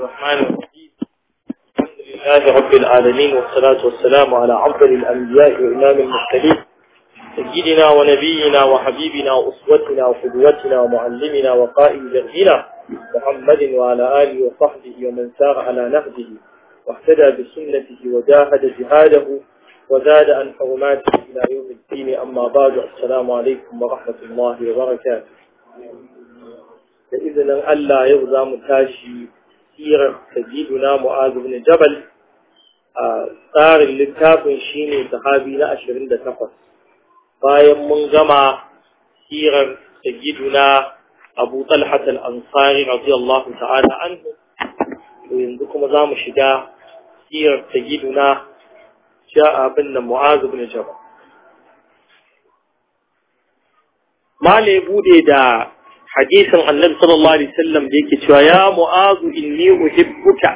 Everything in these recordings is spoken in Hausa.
الرحمن الرحيم الحمد لله رب العالمين والصلاة والسلام على عبد الأنبياء وإمام المرسلين سيدنا ونبينا وحبيبنا وأسوتنا وقدوتنا ومعلمنا وقائد دربنا محمد وعلى آله وصحبه ومن سار على نهجه واهتدى بسنته وجاهد جهاده وزاد عن حرماته إلى يوم الدين أما بعد السلام عليكم ورحمة الله وبركاته فإذا izinin Allah yau za sirar sajiduna mu'azu bin jabal a tsarin littafin shine sahabi na 28 bayan mun gama sirar sajiduna abu talhat al-ansari radiyallahu ta'ala anhu to yanzu kuma zamu shiga sirar sajiduna ja'a bin mu'azu bin jabal male bude da hadisin annabi sallallahu alaihi wasallam da yake cewa ya mu'azu inni uhibbuka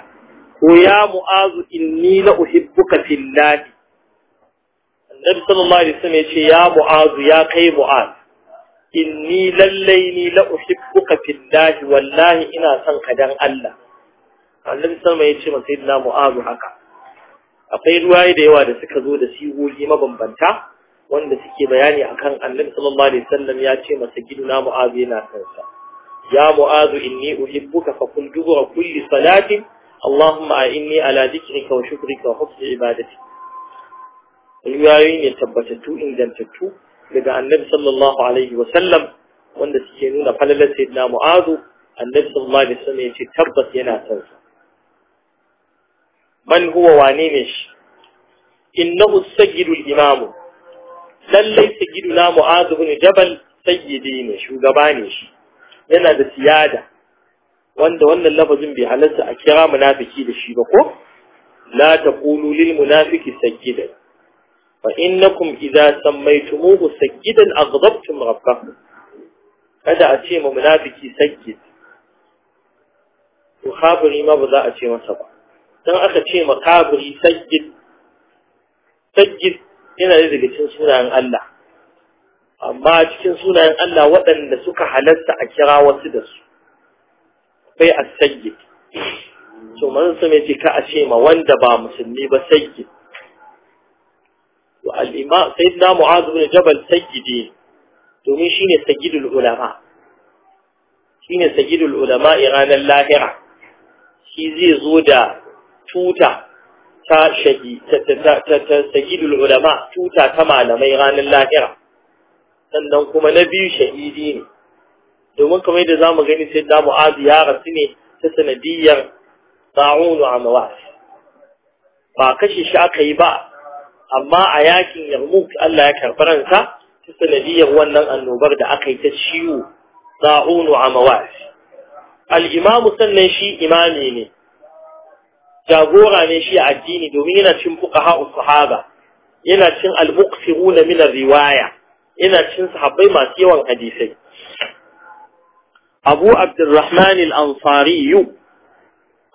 ko ya mu'azu inni la uhibbuka fillah annabi sallallahu alaihi wasallam ce ya mu'azu ya kai mu'az inni lallai ni la uhibbuka fillahi wallahi ina son ka dan Allah annabi sallallahu alaihi wasallam yace sayyidina mu'azu haka akwai ruwaye da yawa da suka zo da sigogi mabambanta wanda suke bayani akan annabi sallallahu alaihi wasallam ya ce masa giduna mu'azu yana kansa ya mu'azu inni uhibbuka fa kun dubura kulli salatin allahumma inni ala dhikrika wa shukrika wa husni ibadati riwayoyi ne tabbatattu ingantattu daga annabi sallallahu alaihi wasallam wanda suke nuna falalar sayyidina mu'azu annabi sallallahu alaihi wasallam ya ce tabbas yana kansa man huwa wane ne shi innahu sayyidul imamu lallai sayyiduna mu'az ibn jabal sayyidi ne shugaba ne shi yana da siyada wanda wannan lafazin bai halarta a kira munafiki da shi ba ko la taqulu lil munafiki sayyidan fa innakum idza sammaytumuhu sayyidan aghdabtum rabbakum kada a ce ma munafiki sayyid ko kafiri ma ba za a ce masa ba dan aka ce ma sayyid sayyid yana da daga cikin sunayen Allah amma cikin sunayen Allah waɗanda suka halatta a kira wasu da su akwai a sayyid to manzon sun ce ka a ce ma wanda ba musulmi ba sayyid wa al-imam sayyidina mu'adh bin jabal sayyidi domin shine sayyidul ulama shine sayyidul ulama ranar lahira shi zai zo da tuta ta shahi ta sagidul ulama tuta ta malamai ranar lahira sannan kuma na biyu shahidi ne domin kamar yadda zamu gani sai da mu'azu ya rasu ne ta sanadiyar ta'unu amawat ba kashe shi aka yi ba amma a yakin yarmuk Allah ya karɓar ransa ta sanadiyar wannan annobar da aka yi ta ciwo ta'unu a al-imamu sannan shi imami ne jagora ne shi addini domin yana cin fuqaha ushaba yana cin al muqtiruna min riwaya yana cin sahabbai masu yawan hadisi Abu Abdurrahman al-Ansari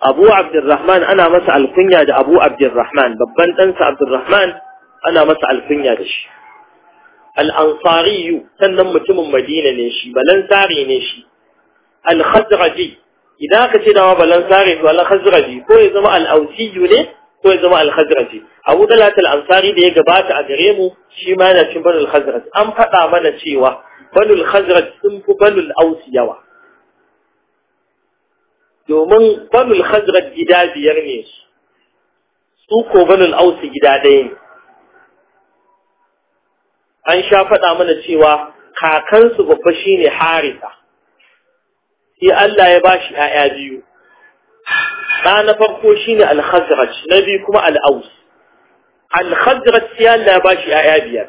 Abu Abdurrahman ana masa al-kunya da Abu Abdurrahman babban dan ɗansa Abdurrahman ana masa al-kunya da shi al-Ansari sannan mutumin Madina ne shi balansari ne shi al-Khazraji idan aka ce dama balan sare to al-khazraji ko ya zama al-ausi ne ko ya zama al-khazraji abu talat al-ansari da ya gabata a gare mu shi ma yana cin banul khazraj an faɗa mana cewa banul khazraj sun fi banul ausi yawa domin banul khazraj gida biyar ne su su ko banul ausi gida ɗaya ne an sha faɗa mana cewa kakansu babba shine harisa sai Allah ya bashi ‘ya'ya biyu, ɗa na farko shi ne al na biyu kuma Al-Aus. sai Allah ya bashi ‘ya'ya biyar,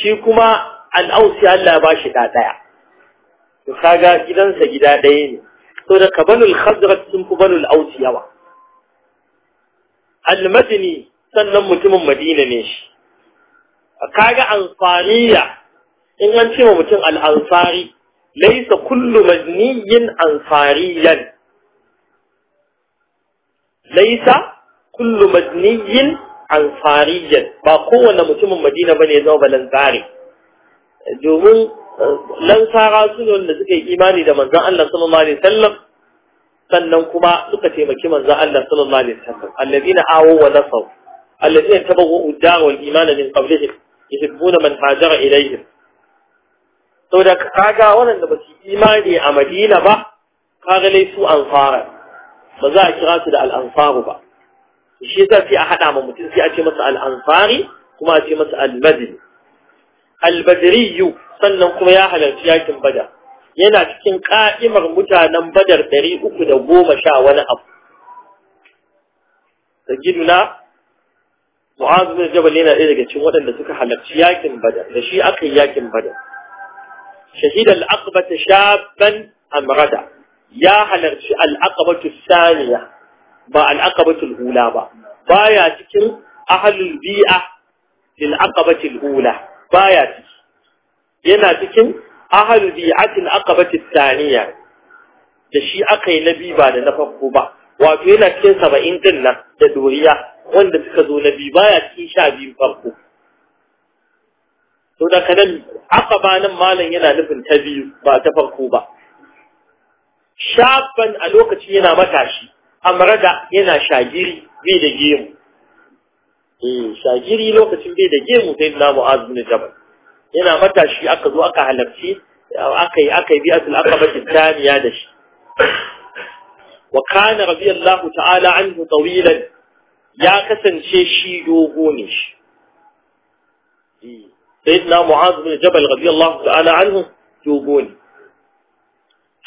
shi kuma Al-Aus sai Allah ya bashi ɗaya. To kaga gidansa gida ɗaya ne, sau da ka banul sun fi banul Aus yawa. Almadini sannan mutumin Madina ne shi. Kaga ansariya in an ce mutum al'ansari laisa كل مجني ansariyan laisa كل مجني ba kowane mutumin madina bane ya zama balanzare domin lansara su ne wanda suka yi imani da manzon Allah sallallahu alaihi wasallam sannan kuma suka taimaki manzan Allah sallallahu alaihi wasallam alladina awu wa nasaru alladina tabawu ad wal iman min qablihim yuhibbuna man hajara ilayhim ka ga waɗanda ba su imani a madina ba kaga dai su ansara ba za a kira su da al'ansaru ba shi yasa sai a haɗa ma mutum sai a ce masa al'ansari kuma a ce masa al-badri al-badriyu sannan kuma ya halarci yakin badar yana cikin ka'imar mutanen badar ɗari uku da goma sha wani abu da giduna mu'azu jabal yana ɗaya daga cikin waɗanda suka halarci yakin badar da shi aka yi yakin badar شهد العقبة شابا أمردا يا هلر العقبة الثانية با العقبة الأولى با بايا تكن أهل البيئة للعقبة الأولى بايا تكن ينا تكن أهل بيئة العقبة الثانية da shi aka yi na biyu ba da na farko ba wato yana cikin saba'in din nan da doriya wanda suka zo na biyu baya cikin sha biyu farko to da kanan akaba nan malam yana nufin ta biyu ba ta farko ba shaban a lokaci yana matashi amrada yana shagiri bai da gemu eh shagiri lokacin bai da gemu sai na mu'az bin jabal yana matashi aka zo aka halarci aka yi aka yi bi'atul aqaba taniya da shi wa kana radiyallahu ta'ala anhu tawilan ya kasance shi dogo ne shi eh. sayyidina mu'az bin jabal radiyallahu ta'ala anhu dogo ne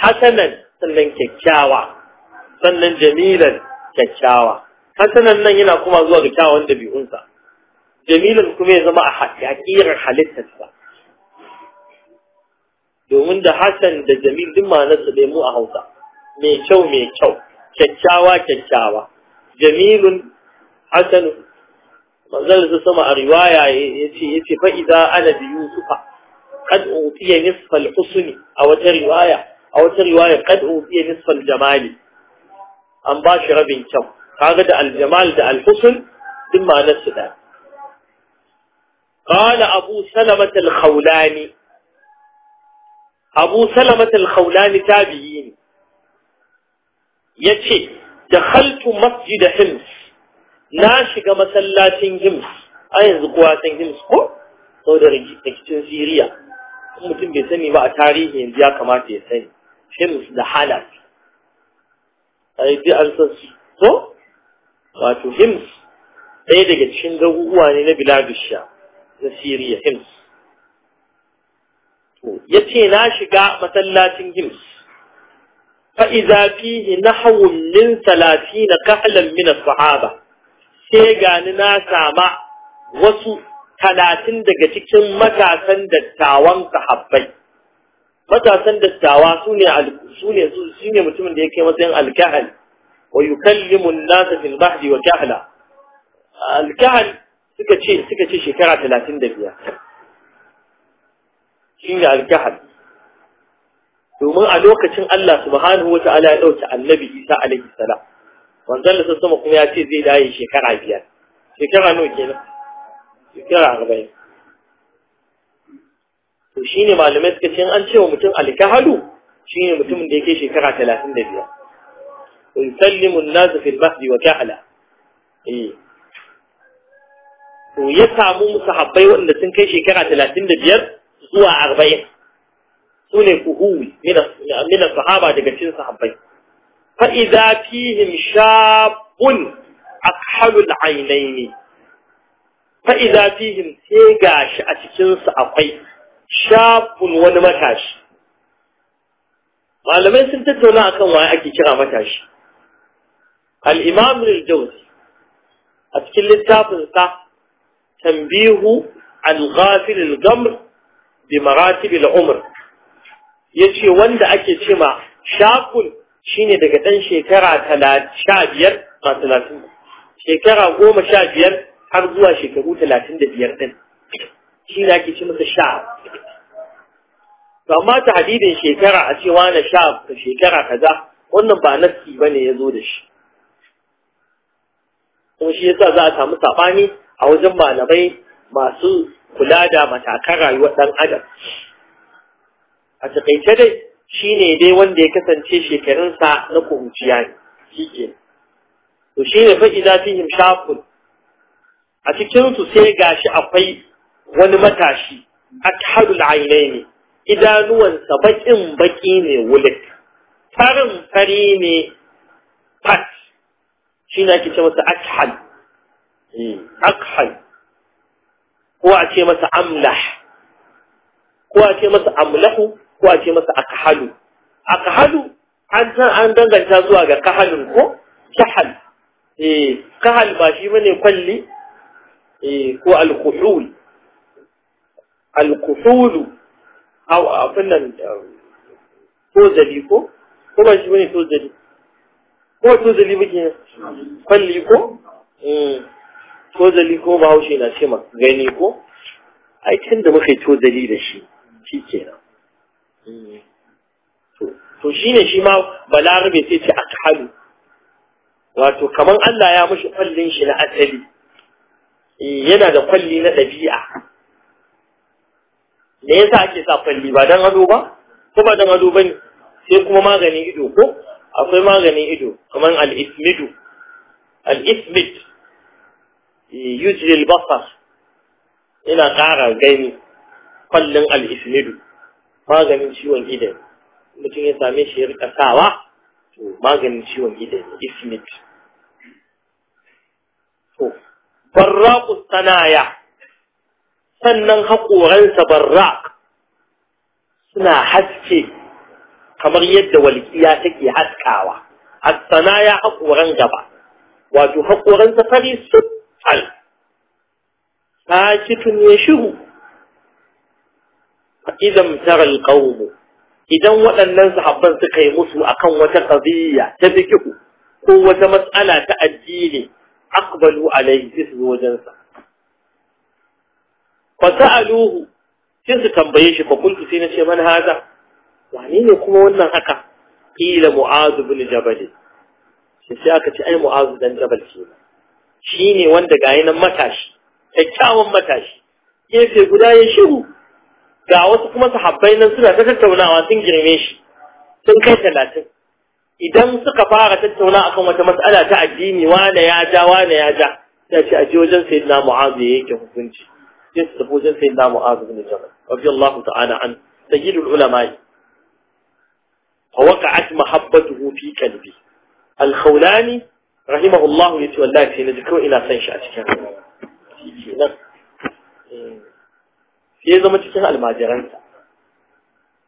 hasanan sannan kyakkyawa sannan jamilan kyakkyawa hasanan nan yana kuma zuwa ga kyawawan dabi'unsa jamilan kuma ya zama a hakirar halittarsa domin da hasan da jamil duk ma'anarsa bai a hausa mai kyau mai kyau kyakkyawa kyakkyawa jamilun hasanu manzon da sama a riwaya yace yace fa idza ana bi yusufa qad utiya nisfa al-husni a wata riwaya a wata riwaya qad utiya nisfa al-jamali an ba shi rabin kyau kaga da al-jamal da al-husn din ma nasu da قال أبو سلمة الخولاني أبو سلمة الخولاني تابعين يتي دخلت مسجد حمص na shiga masallacin hims a yanzu kuwa san hims ko sau da rikicin siriya mutum bai sani ba a tarihi yanzu ya kamata ya sani hims da halak a yi an san su so wato hims ɗaya daga cikin garuruwa ne na biladusha na siriya hims ya ce na shiga masallacin hims fa'iza fihi nahawun min talatin kahlan min as-sahaba sai gani na sama wasu talatin daga cikin matasan dattawan sahabbai matasan dattawa su ne su ne mutumin da ya kai matsayin alkahal wa yukallimu an-nas fil mahdi wa kahla alkahal suka ce suka ce shekara 35 shine alkahal domin a lokacin Allah subhanahu wa ta'ala ya dauki annabi Isa alaihi salam Wanzan da sama kuma ya ce zai daye shekara biyar shekara nawa kenan shekara arba'in to ne malamai suka ce an ce wa mutum alkahalu shine mutumin da yake shekara talatin da biyar in an-nas fi mahdi wa ka'ala eh to ya samu habbai wanda sun kai shekara talatin da biyar zuwa arba'in su ne kuhuwi mina sahaba daga cikin sahabbai فإذا فيهم شاب أكحل العينين فإذا فيهم سيقاش أتكنس أقي شاب ونمكاش قال لمن سنتت هنا أكوا أكي كرا متاش الإمام للجوزي أتكل التافل تنبيه عن غافل الجمر بمراتب العمر يجي وند أكي تما شاب ونمكاش shine daga ɗan shekara sha biyar ba talatin shekara goma sha biyar har zuwa shekaru talatin da biyar ɗin shi ne ke ci masa sha to amma ta hadidin shekara a cewa na sha shekara kaza wannan ba nassi ba ne ya zo da shi kuma shi yasa za a samu saɓani a wajen malamai masu kula da matakan rayuwar ɗan adam a taƙaice dai Shi ne dai wanda ya kasance shekarunsa na kuruciya ne shi ke to shi ne fa su yi shafin. a cikinsu su sai shi akwai wani matashi akhadul ne. idanuwansa baƙin baƙi ne wulik farin fari ne fat shi ne ake ce masa akhal eh, akhal ko a ce masa amlah ko a ce masa amlahu ko a ce masa akhalu akhalu an san an danganta zuwa ga kahalun ko kahal eh kahal ba shi bane kwalli eh ko alkuhul alkuhulu a abin nan ko um, ko ko ba shi bane tozali? ko tozali zali bake kwalli ko hmm. tozali ko ba haushe na ce ma gani ko ai tun da muka yi da shi shi kenan to shine shi ma balarabe sai ce akhalu wato kaman Allah ya mushi kwallin shi na asali eh, yana da kwalli na ɗabi'a me yasa ake sa kwalli ba dan ado ba ko ba dan ado bane sai kuma maganin ido ko akwai maganin ido kaman al-ismidu al-ismid eh, basar yana ƙara gani kwallin al maganin ciwon idan mutum ya same shi ya rika sawa to maganin ciwon idan ismit to barraku sanaya sannan haƙoransa barra suna haske kamar yadda walƙiya take haskawa Hassana ya haƙoran gaba wato haƙoransa fari suttal tun ya shiru idan tara alqawm idan waɗannan sahabban suka yi musu akan wata qadiyya ta fiqh ko wata matsala ta addini aqbalu alayhi su wajen sa fa sa'aluhu sai su tambaye shi fa kuntu sai na ce man haza wane ne kuma wannan haka qila mu'az ibn jabal sai aka ce ai mu'az dan jabal shi ne wanda ga matashi kyakkyawan matashi gefe guda ya shiru ga wasu kuma sahabbai nan suna ta tattaunawa sun girme shi sun kai talatin idan suka fara tattauna akan wata matsala ta addini wane ya ja wane ya ja ya ce aje wajen sayyidina mu'azu ya yake hukunci sai su tafi wajen sayyidina mu'azu bin jabal radiyallahu ta'ala an sayyidul ulama فوقعت محبته في قلبي الخولاني رحمه الله يتولى في نجكو إلى سنشأتك ya zama cikin almajiransa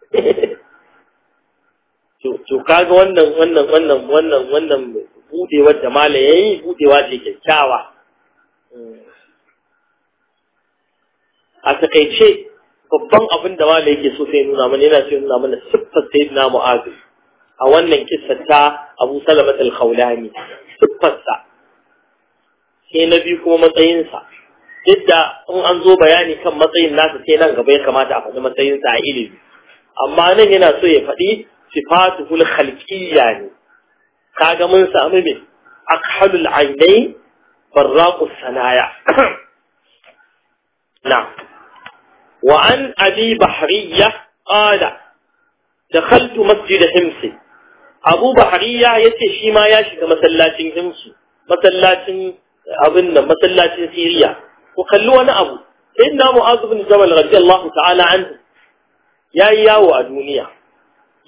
to kaga wannan wannan wannan wannan wannan budewar da mala yi budewa ce kyakkyawa a takaice babban abin da mala yake so sai nuna mana yana so nuna mana siffar na mu'adh a wannan kissa ta Abu salamat al-Khawlani siffarsa sai na biyu kuma matsayinsa duk da in an zo bayani kan matsayin nasa sai nan gaba ya kamata a faɗi matsayinsa a ilimi amma nan yana so ya faɗi sifatul khalqiyya ne kaga mun samu me akhalul aynai farraqus sanaya na wa an abi bahriyya qala dakhaltu masjid himsi abu bahriyya yace shi ma ya shiga masallacin himsi masallacin abin nan masallacin siriya ku kalli wani abu sayyidina mu'az ibn jabal radiyallahu ta'ala anhu yayi yawo a duniya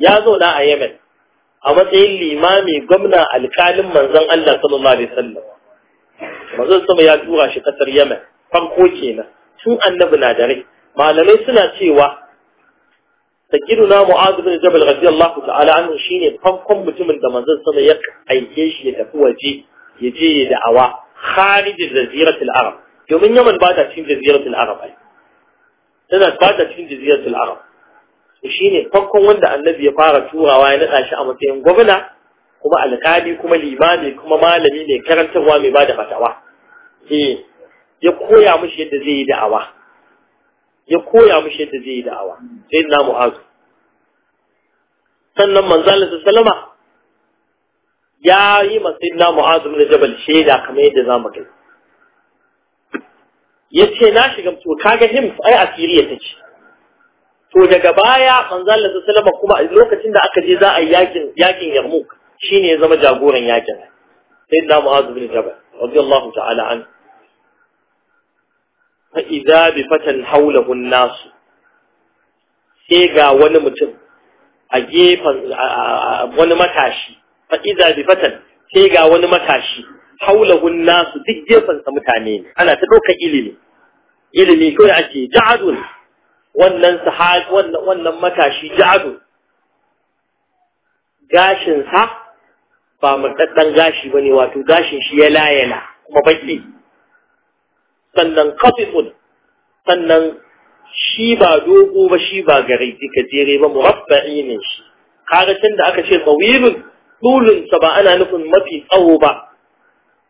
ya zo da a Yemen a matsayin limami gwamna alkalin manzon Allah sallallahu alaihi wasallam manzon sama ya tura shi kasar Yemen farko kenan tun annabi na da rai malamai suna cewa sakiruna mu'az ibn jabal radiyallahu ta'ala anhu shine farkon mutumin da manzon sama ya aike shi ya tafi waje ya je ya da'awa kharij jazirat al-arab domin yaman ba ta cikin jaziratul arab ai tana ba ta cikin jaziratul arab to shine farkon wanda annabi ya fara turawa ya nada shi a matsayin gwamna kuma alkali kuma limami kuma malami ne karantarwa mai bada fatawa eh ya koya mishi yadda zai yi da'awa ya koya mishi yadda zai yi da'awa sai na mu'azu sannan manzalin sallama ya yi masai na mu'azu na jabal shaida kamar yadda za mu gani ya ce na shiga to kaga him ai asiriya ta ce to daga baya manzo Allah sallama kuma lokacin da aka je za a yi yakin yakin yarmuk shine ya zama jagoran yakin sai da mu'az bin jabal radiyallahu ta'ala an fa idza bi fatan hawlahu an-nas sai ga wani mutum a gefen wani matashi fa idza bi fatan sai ga wani matashi haulahun nasu duk gefensa mutane ne ana ta ɗaukar ilimi ilimi kawai ake ja'adun wannan wannan matashi ja'adun gashinsa ba murɗaɗɗen gashi ba ne wato gashin shi ya layana kuma baƙi sannan kafifun sannan shi ba dogo ba shi ba gare jere ba murabba'i ne shi karatun da aka ce tsawilun tulunsa ba ana nufin mafi tsawo ba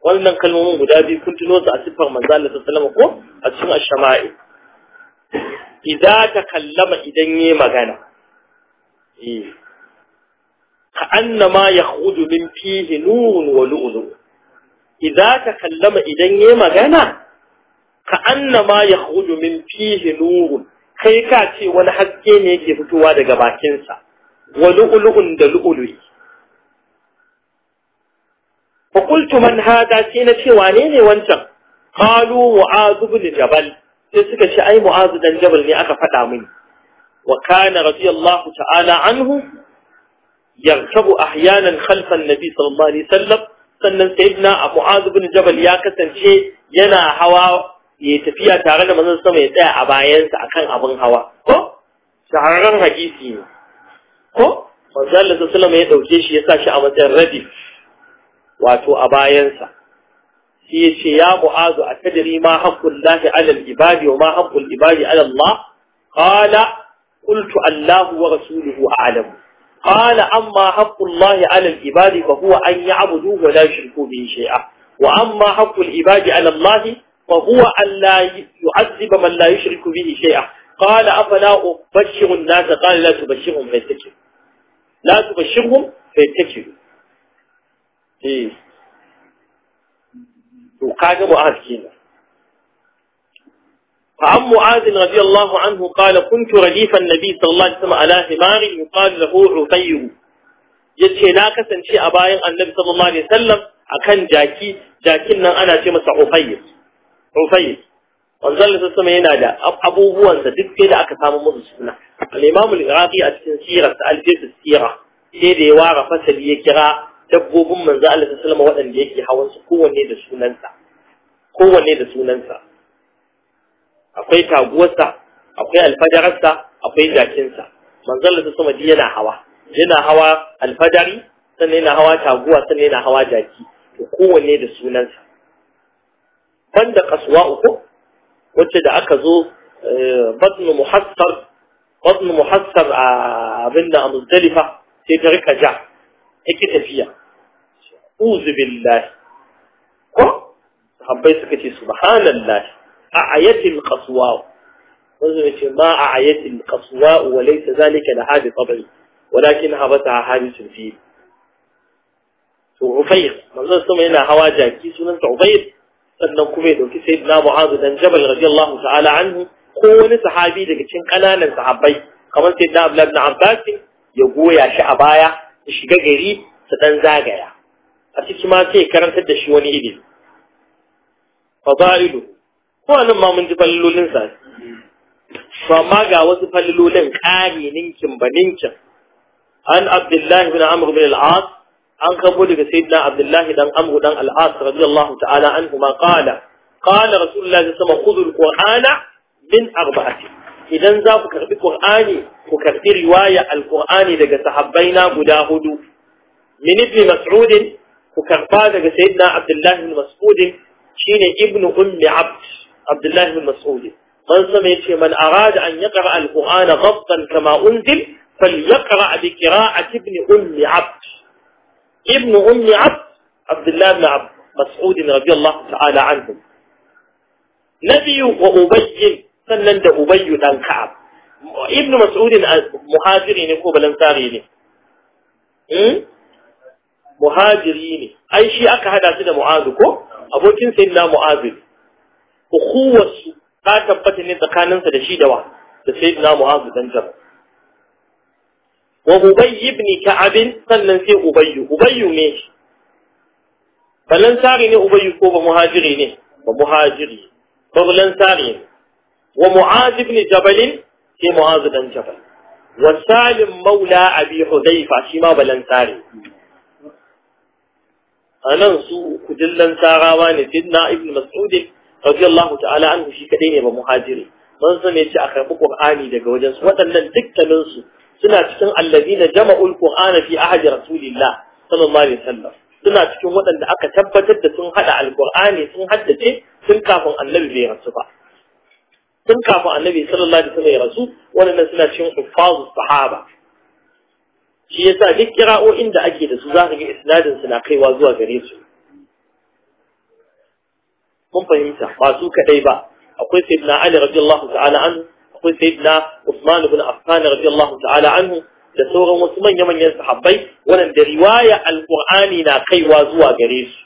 wannan kalmomin guda biyu kun tuno su a siffar manzo Allah sallallahu ko a cikin ash-shama'i idza takallama idan yayi magana eh. ka annama yakhudu min fihi nurun wa lu'lu idza takallama idan yayi magana ka annama yakhudu min fihi nurun kai ka ce wani haske ne yake fitowa daga bakinsa wa lu'lu'un da lu'lu'i fa qultu ce na ce wanene wancan qalu mu'az jabal sai suka ci ai mu'az dan jabal ne aka faɗa mini Wakana kana radiyallahu ta'ala anhu yarkabu ahyanan khalfa annabi sallallahu alaihi wasallam sannan sayyidina mu'az ibn jabal ya kasance yana hawa ya tafiya tare da manzon sama ya tsaya a bayansa akan abin hawa ko shahararren hadisi ne ko manzon Allah sallallahu alaihi ya dauke shi ya sa shi a matsayin radif wato a bayansa shi ya ce ya mu'azu a kadari ma haƙƙun lahi alal ibadi wa ma haƙƙun ibadi alal Allah qala qultu Allahu wa rasuluhu a'lamu قال أما حق الله على العباد فهو أن يعبدوه ولا يشركوا به شيئا وأما حق العباد على الله فهو أن لا يعذب من لا يشرك به شيئا قال أفلا أبشر الناس قال لا تبشرهم فيتكلوا لا تبشرهم فيتكلوا eh to kaga mu'az kenan فعن معاذ رضي الله عنه قال كنت رديف النبي صلى الله عليه وسلم على حمار يقال له yace na kasance a bayan annabi sallallahu alaihi wasallam akan jaki jakin nan ana ce masa ufayr ufayr wanzan da sama yana da abubuwan da duk sai da aka samu musu suna al-imam al-iraqi a cikin sirar al-jadid sirah sai da ya ware fasali ya kira dabbobin manzo Allah sallallahu alaihi waɗanda yake hawan su kowanne da sunansa kowanne da sunansa akwai taguwarsa akwai alfajararsa akwai jakinsa manzo Allah sallallahu alaihi yana hawa yana hawa alfajari sannan yana hawa taguwa sannan yana hawa jaki to kowanne da sunansa banda kasuwa uku wacce da aka zo eh, batnu muhassar batnu muhassar a ah, abinda a muzdalifa sai ta rika ja take tafiya أعوذ بالله أه؟ حبيت كتي سبحان الله أعيت القصواء ما أعيت القصواء وليس ذلك لحاجة طبعي ولكن حبت حاجة الفيل عفير مثلا سمع هنا حواجة كي سنة عفير سنة كميد وكي سيدنا معاذ بن جبل رضي الله تعالى عنه كون صحابي لك تشين قلانا صحابي كمان سيدنا أبلا بن عباس يقوي يا شعبايا الشيكا قريب ستنزاقيا a ciki ma sai karantar da shi wani ilimi fada'ilu ko anan ma mun ji fallolin sa to amma ga wasu fallolin kare ninkin ba ninkin an abdullahi bin amr bin al-as an kabo daga sayyidina abdullahi dan amr dan al-as radiyallahu ta'ala anhu ma qala qala rasulullahi sallallahu alaihi wasallam khudhu al-qur'ana min arba'ati idan za ku karbi qur'ani ku karbi riwaya al-qur'ani daga sahabbaina guda hudu min ibn mas'ud وكفاز سيدنا عبد الله بن مسعود شين ابن ام عبد عبد الله بن مسعود منظم يتي من اراد ان يقرا القران ضبطا كما انزل فليقرا بقراءه ابن ام عبد ابن ام عبد عبد الله بن عبد مسعود رضي الله تعالى عنه نبي وابي سنن ابي بن كعب ابن مسعود مهاجر يعني كوبلن muhajiri ne ai shi aka hada shi da mu'azu ko abokin na mu'azu ukhuwarsu ta tabbata ne tsakaninsa da shi da wa da na mu'azu dan jar wa ubay ibn ka'ab sannan sai ubay ubay ne balan sari ne ubay ko ba muhajiri ne ba muhajiri ba balan sari ne wa mu'az ibn jabal sai mu'az dan jabal wa salim maula abi hudayfa shi ma balan sari a nan su kudillan sarawa ne sidna ibn mas'ud radiyallahu ta'ala anhu shi kadai ne ba muhajiri man san yace a karbi qur'ani daga wajen su waɗannan dukkanin su suna cikin allazina jama'ul qur'ana fi ahadi rasulillah sallallahu alaihi wasallam suna cikin waɗanda aka tabbatar da sun hada alqur'ani sun haddace sun kafin annabi bai rasu ba sun kafin annabi sallallahu alaihi wasallam ya rasu Wannan suna cikin huffazus sahaba shi yasa duk kira'o'in da ake da su za ka ga isnadin su na kaiwa zuwa gare su kun fahimta ba su kadai ba akwai sayyidina ali radiyallahu ta'ala anhu akwai sayyidina usman ibn affan radiyallahu ta'ala anhu da sauran wasu manyan manyan sahabbai waɗanda riwaya alqur'ani na kaiwa zuwa gare su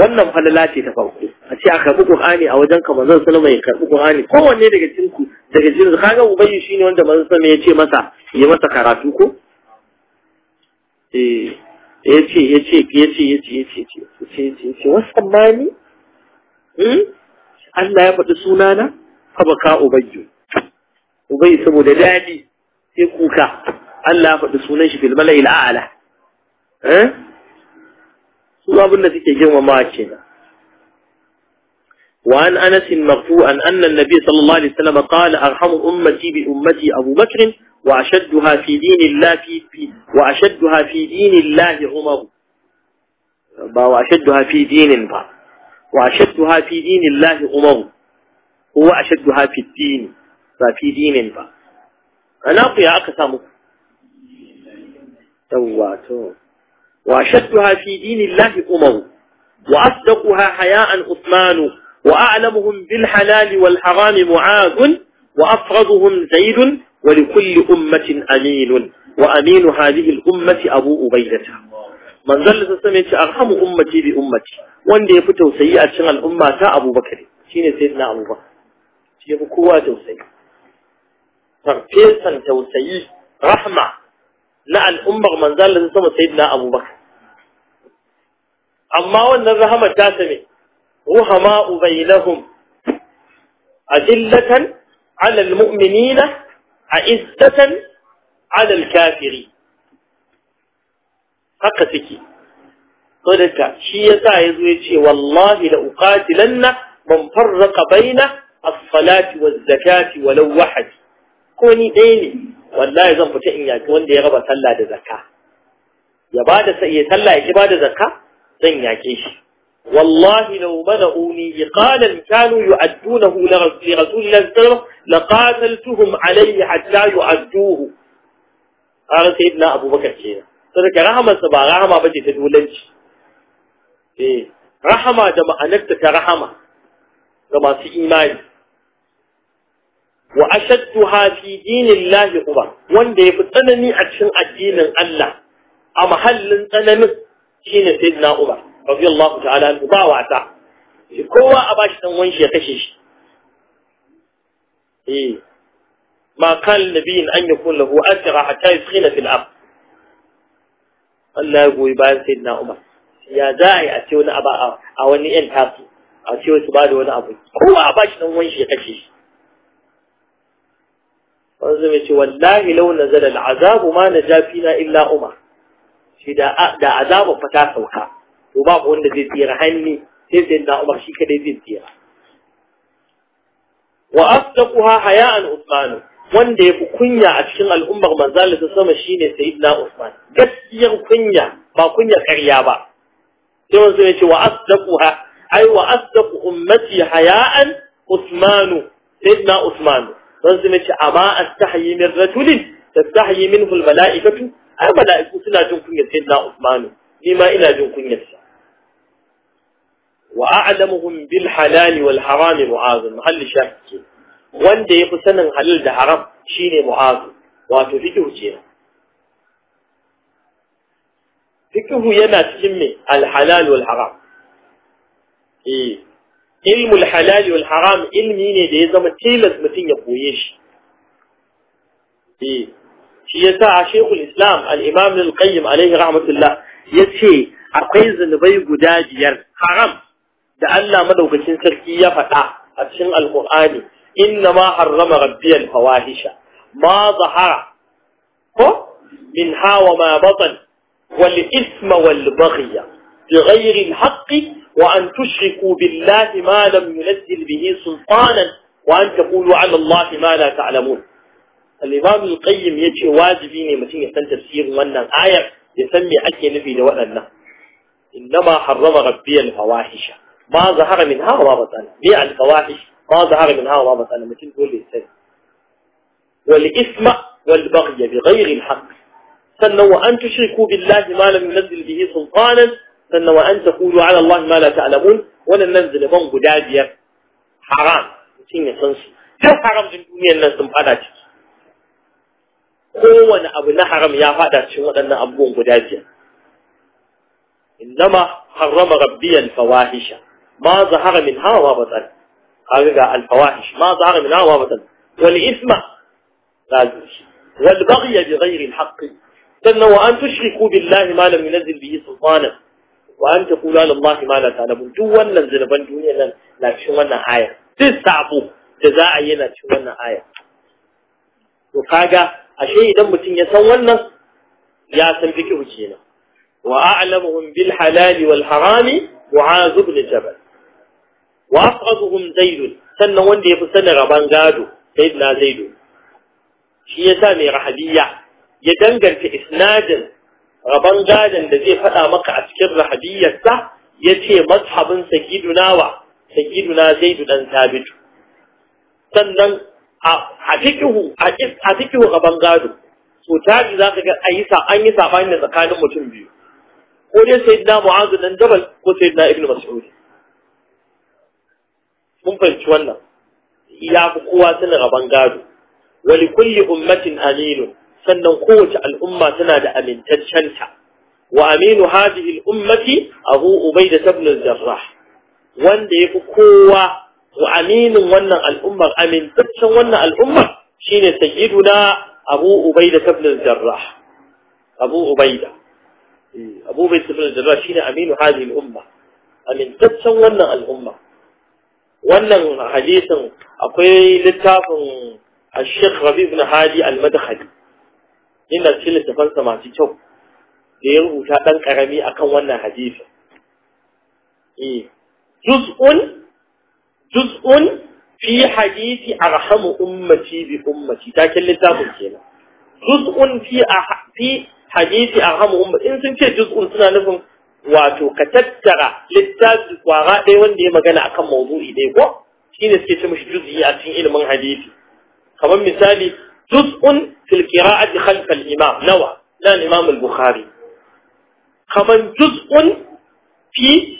wannan falala ce ta farko a ce a karɓi ƙur'ani a wajen kamar zan salama ya karɓi ƙur'ani kowanne daga cikin daga cikin kaga shi ne wanda manzo sama ya ce masa ya masa karatu ko eh yace yace yace yace yace yace yace wasan mani hmm? Allah ya faɗi na fa ka ubayyu ubayyu saboda dadi sai kuka Allah ya faɗi sunan shi filmala ila'ala a'la eh? su abin da suke girmama kenan وعن أنس مرفوعا أن النبي صلى الله عليه وسلم قال أرحم أمتي بأمتي أبو بكر وأشدها في دين الله في, في وأشدها في دين الله عمر وأشدها في دين با وأشدها في دين الله عمر هو أشدها في الدين ففي دين با أنا أقول أقسم وأشدها في دين الله عمر وأصدقها حياء عثمان وأعلمهم بالحلال والحرام معاذ وأفرضهم زيد ولكل أمة أمين وأمين هذه الأمة أبو أبيدة من ذل سميت أرحم أمتي بأمتي وان دي فتو سيئة شغل الأمة تا أبو بكر شين سيدنا أبو بكر شين بكوة توسي فرفيسا توسي رحمة لا الأمة من ذل سميت سيدنا أبو بكر أما وان الرحمة تاسمي وهما أبي لهم على المؤمنين عزة على الكافرين حق سكي قلت شيئة يزويت والله لأقاتلن من فرق بين الصلاة والزكاة ولو واحد كوني ديني والله يزن فتئني كون دي غبا صلى لزكاة يبادا سيئة الله يبادة زكاة زن يعكيش والله لو منعوني بقالا كانوا يعدونه لرسول الله صلى الله عليه وسلم لقاتلتهم عليه حتى يعدوه قال سيدنا أبو بكر كينا صدق رحمة سبا رحمة بجي تدولنج إيه رحمة جمع نكتك رحمة كما في إيمان وأشدها في دين الله أبا وان دي فتنني أكشن الدين الله أما هل لنتنمس كينا سيدنا أبا رضي الله تعالى عنه المطاوعة كوا أباش نوان اي ما قال النبي أن يكون له أسرع حتى يسخن في الأرض الله يقول يبان سيدنا أمه يا داعي أتيونا أبا أولي أن تاسي أتيو سبالي وانا أبوي كوا أباش نوان شيخشيش وزمي والله لو نزل العذاب ما نجا فينا إلا أمه في دا عذاب فتاة to babu wanda zai tsira hanni sai sai na umar shi kadai zai tsira wa asdaquha haya'an usman wanda yafi kunya a cikin al'ummar manzo Allah ta sama shine sayyidina usman gaskiyar kunya ba kunya ƙarya ba sai wanzu ya ce wa asdaquha ai wa asdaqu ummati haya'an usman sayyidina usman wanzu ya ce amma astahyi min rajulin tastahyi minhu al mala'ikatu ai mala'iku suna jin kunyar sayyidina usman ni ma ina jin kunyarsa وأعلمهم بالحلال والحرام معاذ محل شاهد وان دي قسنا حلال ده حرام شيني معاذ وتفكه جينا فكه ينا تجمي الحلال والحرام إيه. علم الحلال والحرام علم يني دي زم تيلز متين يقويش إيه. شي يسا شيخ الإسلام الإمام للقيم عليه رحمة الله يتي أقيز نبي قداجير حرام da Allah madaukakin sarki ya faɗa a cikin alqur'ani inna ma harrama rabbiyal fawahisha ma zahara ko min hawa ma batan wal isma wal baghy بغير الحق وأن تشركوا بالله ما لم ينزل به سلطانا وأن تقولوا على الله ما لا تعلمون الإمام القيم يجي واجبين متين يسن تفسير وانا آية يسمي أكي نبي لوأنا إنما حرم ربي الفواحش ما ظهر منها وما بطن بيع الفواحش ما ظهر منها وما بطن مثل قول الإنسان والإثم والبغي بغير الحق سن وأن تشركوا بالله ما لم ينزل به سلطانا سن وأن تقولوا على الله ما لا تعلمون ولن ننزل من قدادية حرام mutum ya san su duk haram din duniyar كون sun fada يا kowane abu أبو haram إنما حرم ربي waɗannan ما ظهر منها وابطل أرجع الفواحش ما ظهر منها وابطل والإثم لا يجوز والبغي بغير الحق تنو أن تشركوا بالله ما لم ينزل به سلطانا وأن تقولوا على الله ما لا تعلمون جوان لنزل بان جوني لن لا تشمعنا آية تستعبوا جزاء ينا تشمعنا آية وقاقا أشيء دم تنيا سوانا يا سنفك وجينا وأعلمهم بالحلال والحرام معاذ بن جبل wa afqaduhum zaidun sannan wanda ya fi sanin raban gado sayyidina zaidu shi yasa mai rahabiyya ya danganta isnadin raban gadon da zai faɗa maka a cikin rahabiyyarsa ya ce mazhabin sagiduna wa sagiduna zaidu dan sabit sannan a fikihu a fikihu raban gado so tari za ka ga an yi saɓani tsakanin mutum biyu ko dai sayyidina mu'azu dan jabal ko sayyidina ibnu mas'ud mun fahimci wannan ya fi kowa suna gaban gado wali kulli ummatin aminu sannan kowace al'umma tana da amintaccen ta wa aminu hadhihi al'ummati abu ubayda ibn al-jarrah wanda yafi kowa wa aminin wannan al'umma amintaccen wannan al'umma shine sayyiduna abu ubayda ibn al-jarrah abu ubayda abu ubayda ibn al-jarrah shine aminu hadhihi al'umma amintaccen wannan al'umma wannan hadisin akwai littafin Sheikh الشيخ ربيع بن هادي المدخلي ina cikin littafansa masu kyau da ya rubuta dan karami akan wannan hadisi eh juz'un juz'un fi hadisi arhamu ummati bi ummati ta kin littafin kenan juz'un fi fi hadisi arhamu ummati in sun ce juz'un suna nufin wato ka tattara littafin kwara ɗaya wanda ya magana akan mawdu'i ɗaya ko shine suke ce mishi juz'i a cikin ilimin hadisi kamar misali juz'un fil qira'ati khalf al imam nawa na imam al bukhari kamar juz'un fi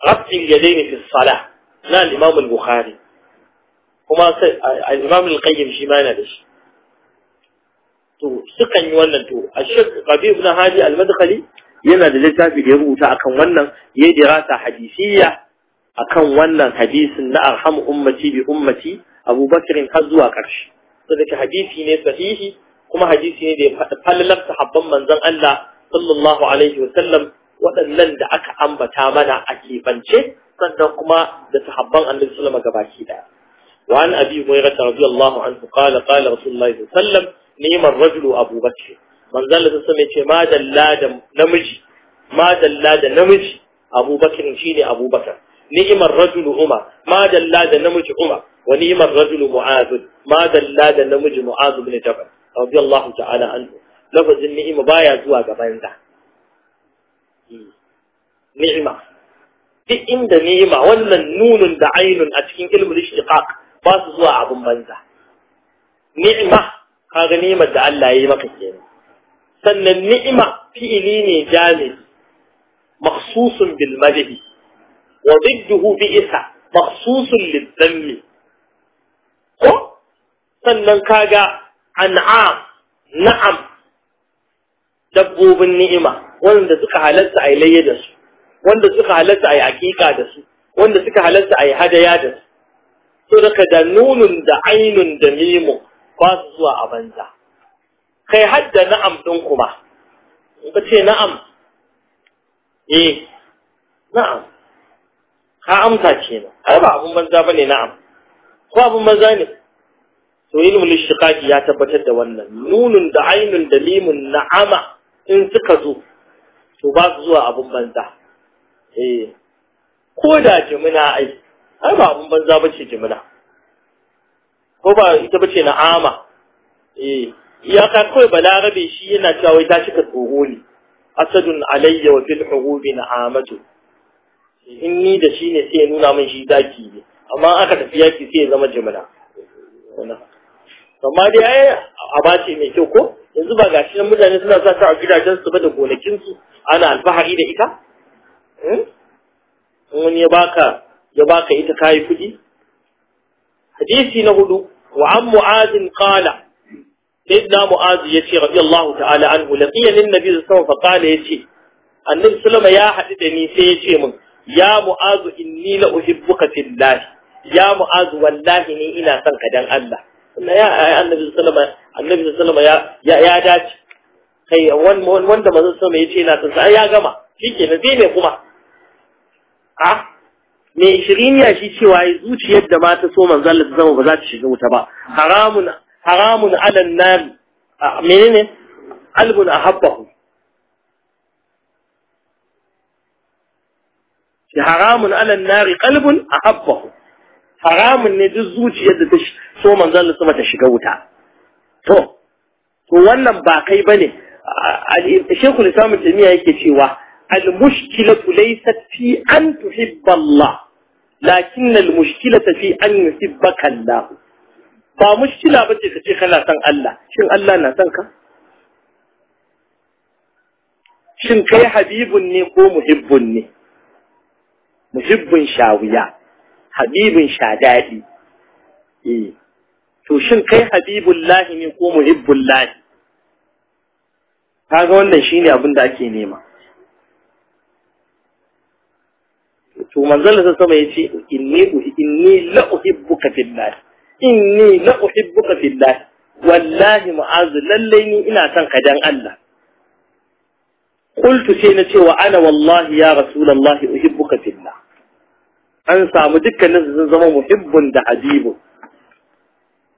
رفع اليدين في الصلاة imam al bukhari kuma al'imam al-qayyim shi ma yana da shi to sukan yi wannan to a shek rabi ibn hadi al-madkhali yana da littafi da ya rubuta akan wannan ya dirasa hadisiyya akan wannan hadisin na arhamu ummati bi ummati abubakarin har zuwa ƙarshe saboda hadisi ne sahihi kuma hadisi ne da ya fallar sahabban manzon Allah sallallahu alaihi wa sallam waɗannan da aka ambata mana a bance. sannan kuma da sahabban annabi sallama gabaki daya وعن أبي هريرة رضي الله anhu, قال قال رسول الله صلى الله عليه وسلم manzo Allah sun sani ce ma dalla da namiji ma dalla da namiji Abubakar shine Abubakar ni'imar rajulu Umar ma dalla da namiji Umar wa ni'imar rajulu Mu'adh ma dalla da namiji Mu'adh ibn Jabal radiyallahu ta'ala anhu lafazin ni'ima baya zuwa gaban da ni'ima duk inda ni'ima wannan nunun da ainun a cikin ilmul ishtiqaq ba su zuwa abun banza ni'ima kaga ni'imar da Allah ya yi maka kenan sannan ni'ima fi'ili ne jami'i makhsusun bil madhi wa bidduhu bi isa makhsusun lil dhammi ko sannan kaga an'am na'am dabbobin ni'ima wanda suka halatta ai layya da su wanda suka halatta ai hakika da su wanda suka halatta ai hadaya da su to daga da nunun da ainun da mimu ba su zuwa a banza kai hadda na'am ɗin kuma in ka ce na'am eh na'am ka amsa na? ai ba abun banza bane na'am ko abun banza ne to ilmul ishtiqaqi ya tabbatar da wannan nunun da ainun da limun na'ama in suka zo to ba su zuwa abun banza eh ko da jimina ai ai ba abun banza bace jimina ko ba ita bace na'ama eh ka kawai balarabe shi yana cewa wai ta cika tsoro ne asadun alayya wa fil hurubi na amatu in ni da shi ne sai ya nuna min shi zaki ne amma aka tafi yaki sai ya zama jimala amma dai ai aba ce mai kyau ko yanzu ba gashi nan mutane suna sa ta a gidajen su ba da gonakin su ana alfahari da ita hmm? wani ya baka ya baka ita kayi kuɗi? hadisi na hudu wa an mu'azin qala sayyidina mu'az yace radiyallahu ta'ala anhu laqiya lin nabi sallallahu alaihi wasallam fa qala yace annabi sallama ya haɗu da ni sai yace ce min ya mu'azu inni la uhibbuka fillah ya mu'azu wallahi ni ina son ka Allah na ya annabi sallama annabi sallama ya dace kai wanda manzon sallama ya ce ina son sa ya gama na zai ne kuma a me shirin ya shi cewa zuciyar da ta so manzon Allah zama ba za ta shiga wuta ba haramun حرام على النار آه، منين قلب أحبه حرام على النار قلب أحبه حرام أن الزوج يد تش سو من ذلك سوى تشكوتا تو تو ولم باقي بني الشيخ آه، الإسلام التلمية يكتشيوا المشكلة ليست في أن تحب الله لكن المشكلة في أن يحبك الله ba mushkila bace ka ce kana son Allah shin Allah na son ka shin kai habibun ne ko muhibbun ne muhibbun shawiya habibun shadadi eh to shin kai habibun lahi ne ko muhibbun lahi kaga wannan shine abin da ake nema to manzala Allah sama yace inni inni la uhibbuka fillah inni la uhibbuka fillah wallahi mu'az lalle ni ina son ka dan Allah qultu sai na ce wa ana wallahi ya rasulullahi uhibbuka fillah an samu dukkanin su zama muhibbun da habibu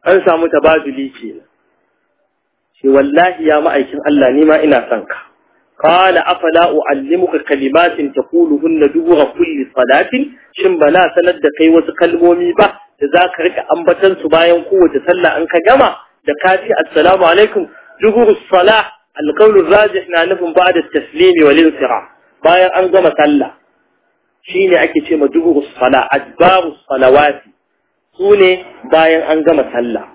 an samu tabaduli kenan ce wallahi ya ma'aikin Allah ni ma ina son ka قال أفلا أعلمك كلمات تقولهن دبر كل صلاة شن بلا سند قي وتكلمومي با da za ka rika ambatan su bayan kowace sallah an ka gama da ka ce assalamu alaikum duhurus salah alqawl arrajih na nufin ba'da at-taslim wal insira bayan an gama sallah shine ake ce ma duhurus salah adbarus salawati sune bayan an gama sallah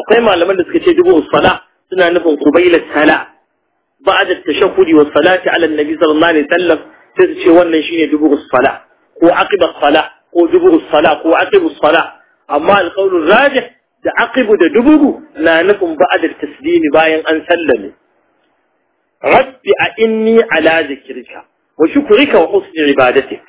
akwai malaman da suka ce duhurus salah suna nufin qubayla salah ba'da at-tashahhud was salati ala an-nabi sallallahu alaihi wasallam sai su ce wannan shine duhurus salah ko aqiba salah ko dubu sala ko aqibu sala amma alƙaunin raja da aqibu da dubugu na nufin ba'adar taslimi bayan an sallame rabbi a inni ala zikrika wa shukrika wa husni ibadatik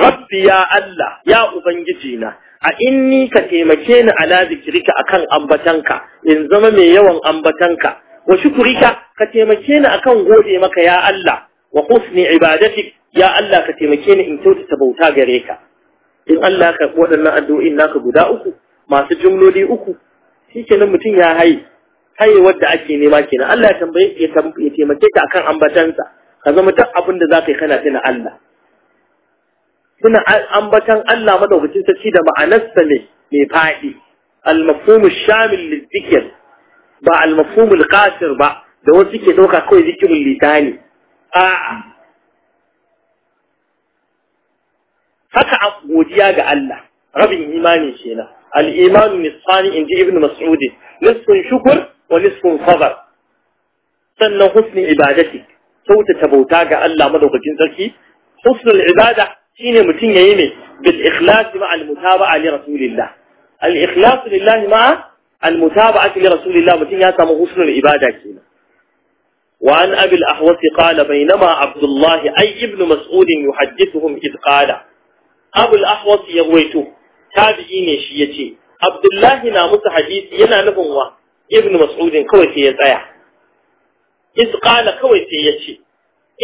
rabbi ya allah ya ubangiji na a inni ka taimake ni ala zikrika akan ambatanka in zama mai yawan ambatanka wa shukrika ka taimake ni akan gode maka ya allah wa husni ibadatik ya allah ka taimake ni in kyautata bauta gare ka in Allah ka waɗannan addu'o'in naka guda uku masu jumloli uku shi kenan mutum ya haye haye wadda ake nema kenan Allah ya tambaye ya taimake ka akan ambatansa ka zama duk abin da zaka yi kana tuna Allah tuna ambatan Allah madaukakin sarki da ma'anarsa ne mai faɗi al mafhumu shamil lidhikr ba al mafhumu al-qasir ba da wasu ke dauka kawai zikirin litani a'a haka godiya ga Allah rabin imani kenan al-iman nisfani inji ibn mas'ud nisfun shukr wa nisfun sabr sannan husni ibadati sauta tabauta ga Allah madaukakin sarki husnul ibada shine mutun yayi ne bil ikhlas ma al mutaba'a li rasulillah al ikhlas lillahi ma al mutaba'a li rasulillah mutun ya samu husnul ibada kenan وعن أبي الأحوص قال بينما عبد الله أي ابن مسعود يحدثهم إذ قال abu al-ahwas ya waito tabi'i ne shi yace abdullahi na musu hadisi yana nufin wa ibn mas'udin kawai sai ya tsaya iz qala kawai sai yace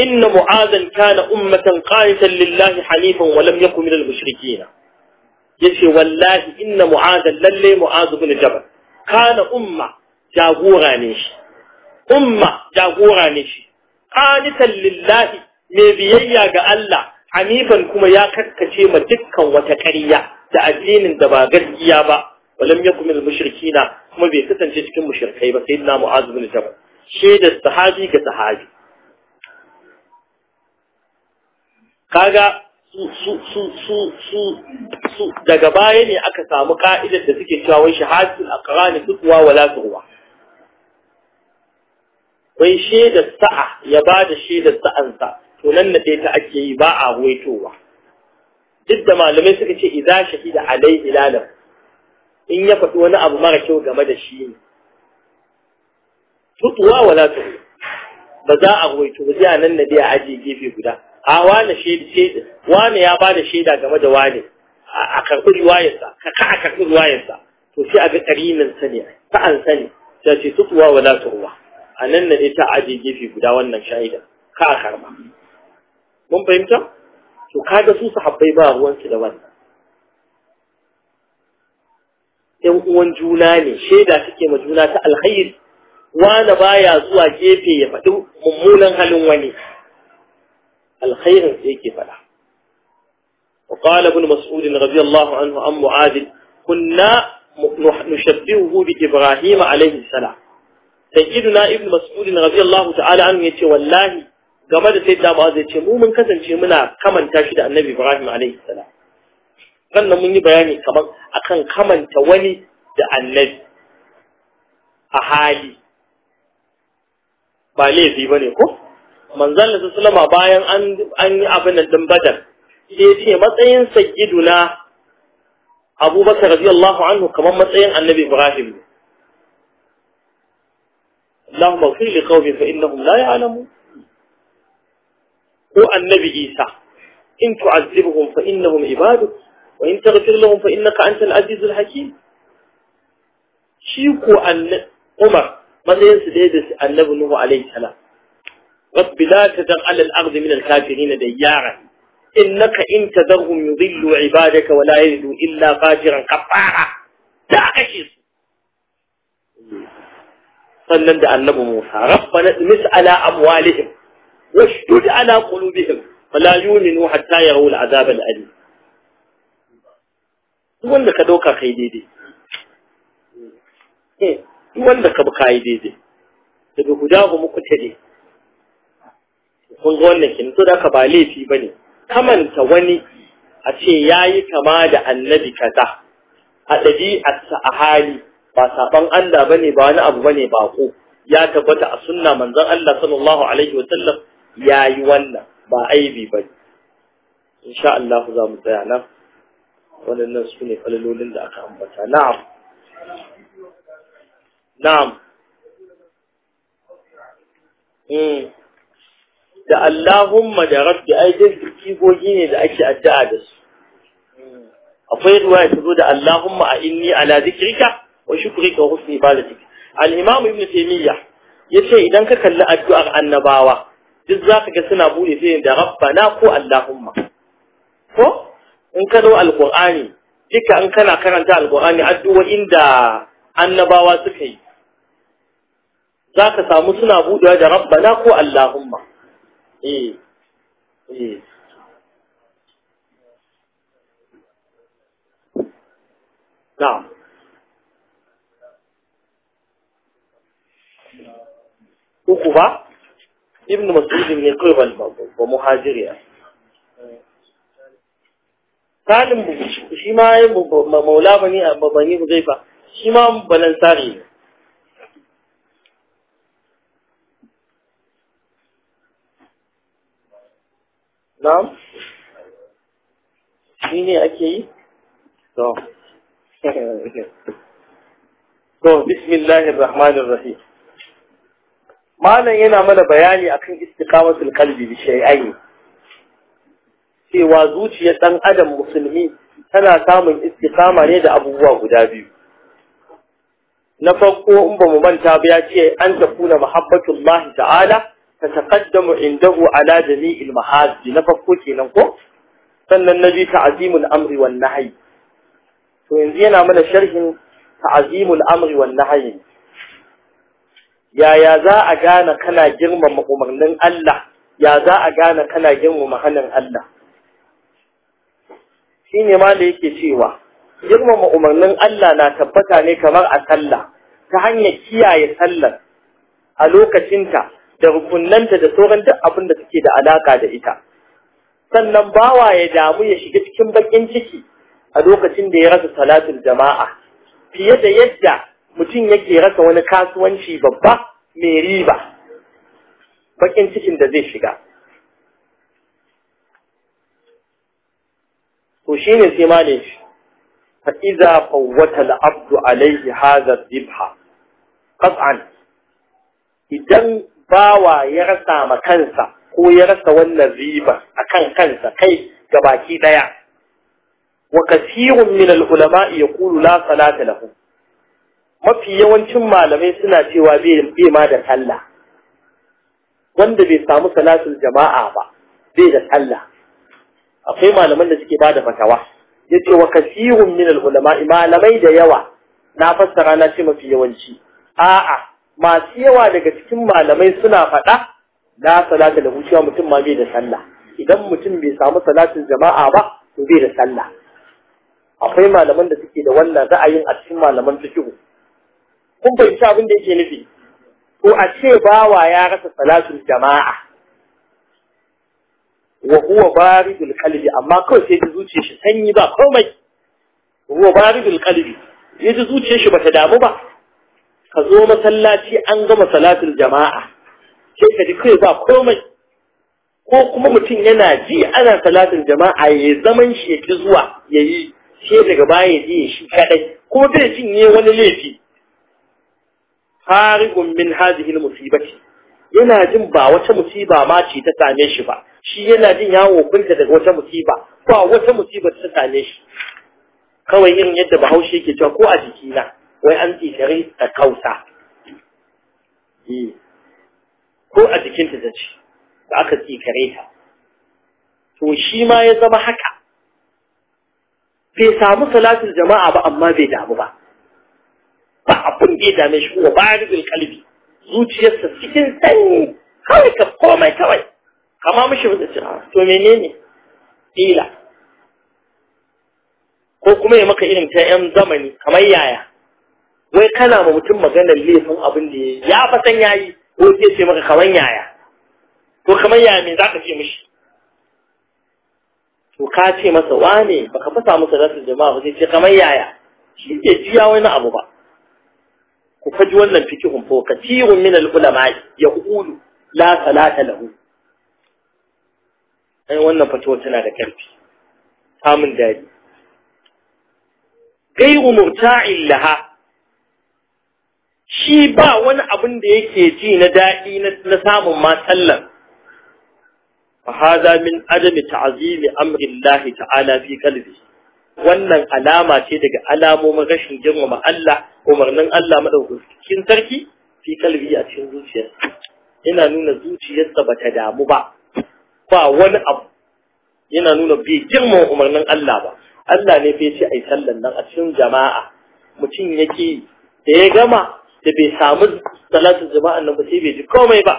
inna mu'azan kana ummatan qanitan lillahi hanifan wa lam yakun minal mushrikeen yace wallahi inna mu'azan lalle mu'az ibn jabal kana umma jagora ne shi umma jagora ne shi qanitan lillahi mai biyayya ga Allah Hanifan kuma ya karkace ma dukkan wata ƙarya da addinin da ba gaskiya ba walam yakum mushrikina kuma bai kasance cikin mushrikai ba sai na mu'azu bin jabal da sahabi ga sahabi kaga su su su su su daga baya ne aka samu ka'idar da suke cewa wai al aqrani tuwa wala tuwa wai da sa'a ya bada shaidar sa'ansa to nan na ta ake yi ba a waitowa duk da malamai suka ce idan shahida alai ilalam in ya faɗi wani abu mara kyau game da shi ne tutuwa wala tu ba za a waito ba zai a nan na a ajiye gefe guda a wane shaida wane ya bada shaida game da wane a karɓi riwayarsa ka ka a karɓi riwayarsa to sai a ga ƙarinin sani ne an sani ne sai ce tutuwa wala ruwa a nan na ta ajiye gefe guda wannan shaida ka a karɓa mun fahimta to kaga su sahabbai ba ruwansu da wannan yan uwan juna ne shaida suke ma juna ta alkhairi wani baya zuwa gefe ya faɗi mummunan halin wani alkhairin sai yake faɗa وقال ابن مسعود رضي الله عنه عن معاذ كنا نشبهه بإبراهيم عليه السلام سيدنا ابن مسعود رضي الله تعالى عنه يتي والله game da sai dama zai ce mu mun kasance muna kamanta shi da annabi ibrahim alaihi salam sannan mun yi bayani kamar akan kamanta wani da annabi a hali ba laifi ba ne ko manzon da sallama bayan an yi abin nan badar sai ce matsayin sayyiduna abubakar radiyallahu anhu kamar matsayin annabi ibrahim ne اللهم اغفر لقومي فإنهم لا يعلمون النبي عيسى إن تعذبهم فإنهم عبادك وإن تغفر لهم فإنك أنت العزيز الحكيم شيكو أن أمر ماذا ينسى النبي نوه عليه السلام رب لا تدر على الأرض من الكافرين ديارا إنك إن تدرهم يضل عبادك ولا يجدوا إلا فاجرا كفارا تاكشيس فلنند النبي موسى ربنا نسأل أموالهم واشتد على قلوبهم فلا يؤمنوا حتى يروا العذاب الأليم wanda ka dauka kai daidai eh wanda ka buka yi daidai Da bi guda ba muku tare kun ga wannan kin to da ka ba laifi bane kamanta wani a ce yayi kama da annabi kaza a ɗabi'arsa a hali ba saban Allah bane ba wani abu bane bako ya tabbata a sunna manzon Allah sallallahu alaihi wa sallam. ya yi wannan ba aibi ba insha Allah za mu tsaya nan waɗannan su ne falalolin da aka ambata na'am na'am hmm. da Allahumma da rabbi ai dai kigogi ne da ake addu'a da su akwai ruwa ya zo da Allahumma a inni ala zikrika wa shukrika wa husni ibadatik al-imam ibn taymiyyah yace idan ka kalli addu'ar annabawa duk za ka ga suna buɗe sai da rabbana ko allahumma ko in ka zo alqur'ani duka in kana karanta alqur'ani addu'o inda annabawa suka yi za ka samu suna buɗewa da rabbana ko allahumma eh eh na'am uku ba ibn mas'ud ne kawai balba ba muhajiriya salim shi ma ya maula bani bani huzaifa shi ma balansari ne na'am shi ne ake yi to to malam yana mana bayani akan istiqamatul qalbi bi shay'ain cewa zuciyar dan adam musulmi tana samun istiqama ne da abubuwa guda biyu na farko in ba mu manta ba ya ce an tafuna muhabbatullahi ta'ala ta taqaddamu indahu ala jami'il mahazi na farko kenan ko sannan nabi ta'zimul amri wan nahyi to yanzu yana mana sharhin ta'zimul amri wan nahyi yaya za a gane kana girmama umarnin Allah ya za a gane kana girmama hannun Allah shi ne ma da yake cewa girmama umarnin Allah na tabbata ne kamar a sallah ta hanyar kiyaye sallar a lokacinta da rukunanta da sauran duk abin da suke da alaka da ita sannan bawa ya damu ya shiga cikin bakin ciki a lokacin da ya rasa salatul jama'a fiye da yadda mutum yake rasa wani kasuwanci babba mai riba bakin cikin da zai shiga to shine sai malin shi fa iza fawwata abdu alaihi hazar zibha kas'an, idan bawa ya rasa ma kansa ko ya rasa wannan riba akan kansa kai gabaki daya wa kasirun min al-ulama Kulu la salata lahum mafi yawancin malamai suna cewa bai ma da sallah wanda bai samu salatul jama'a ba bai da sallah akwai malaman da suke bada fatawa yace wa kasirun min ulama malamai da yawa na fassara na ce mafi yawanci a'a masu yawa daga cikin malamai suna faɗa na salata da wucewa mutum ma bai da sallah idan mutum bai samu salatin jama'a ba to bai da sallah akwai malaman da suke da wannan ra'ayin a cikin malaman fiqh kun fahimci abin da yake nufi ko a ce bawa ya rasa salatul jama'a wa huwa baridul qalbi amma kawai sai ta zuciya shi sanyi ba komai huwa baridul qalbi ya ji zuciyar shi bata damu ba ka zo masallaci an gama salatul jama'a sai ka ji kai ba komai ko kuma mutum yana ji ana salatul jama'a ya zaman shi ya ki zuwa ya yi sai daga baya ya je shi kadai kuma bai cinye wani laifi fari'un min hadhihi al-musibati yana jin ba wata musiba ma ce ta same shi ba shi yana jin ya kunta daga wata musiba ba wata musiba ta same shi kawai irin yadda bahaushe ke cewa ko a jikina wai an tsikare ta kausa eh. ko a jikinta ta ce da aka tsikare ta to shi ma ya zama haka bai samu salatul jama'a ba amma bai damu ba ba abin da ya dame shi kuma ba rubin kalbi zuciyarsa cikin sanyi kawai ka komai kawai kama mishi da cewa ah, to menene ila ko kuma ya maka irin ta yan zamani kamar yaya wai kana ma mutum maganar laifin abin da ya fa san yayi ko sai ce maka kamar yaya Ko kamar yaya me za ka ce mishi to ka ce masa wane baka fasa masa rasul jama'a ba sai ce kamar yaya shi ke jiya wani abu ba ku faji wannan fikihun fa katirun min al-ulama yaqulu la salata lahu ai wannan fatuwa tana da karfi samun dadi gairu murta'in laha shi ba wani abin da yake ji na daɗi na samun ma sallar fa hadha min adami ta'zimi amri Allah ta'ala fi qalbi wannan alama ce daga alamomin rashin girmama Allah umarnin Allah madaukakin sarki fi kalbi a cikin zuciyarsa yana nuna zuciyarsa bata damu ba ba wani abu yana nuna bai girma umarnin Allah ba Allah ne bai ce yi sallan nan a cikin jama'a mutum yake da ya gama da bai samu salatin jama'a nan ba sai bai ji komai ba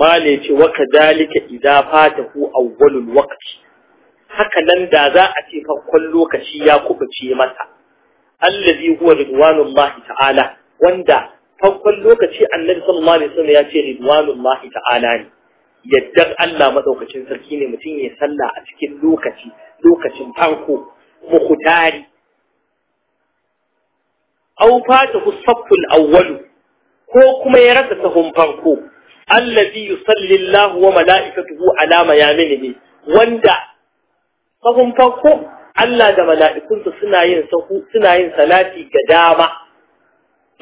ba ne ce waka dalika idza fatahu awwalul waqti haka nan da za a ce farkon lokaci ya kubuce masa allazi huwa ridwanullahi ta'ala wanda farkon lokaci annabi sallallahu alaihi wasallam ya ce ridwanullahi ta'ala ne yadda Allah madaukakin sarki ne mutum ya sallah a cikin lokaci lokacin farko mukhtari aw fata husafful awwal ko kuma ya rasa sahun farko allazi yusalli Allah wa mala'ikatuhu ala mayaminihi wanda sahun farko Allah da mala'ikunsa suna yin sahu suna yin salati ga dama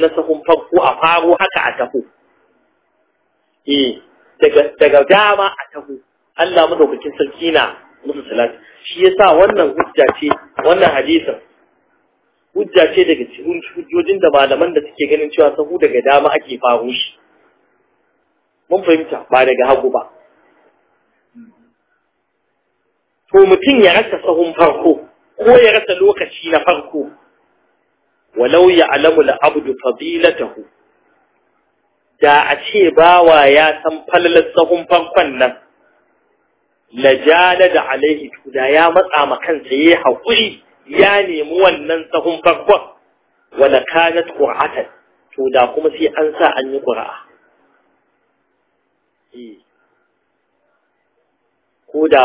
na sahun farko a faru haka a taho eh daga daga dama a taho Allah madaukakin sarki na musu salati shi yasa wannan hujja ce wannan hadisin hujja ce daga cikin hujjojin da malaman da suke ganin cewa sahu daga dama ake faru shi mun fahimta ba daga hagu ba ko mutum ya rasa sahun farko ko ya rasa lokaci na farko walau ya alamu abdu fadilatahu da a ce bawa ya san falalar sahun farkon nan lajala da alaihi da ya matsa ma kansa yayi hakuri ya nemi wannan sahun farkon wala kanat qur'atan to da kuma sai an sa an yi qur'a eh. ko da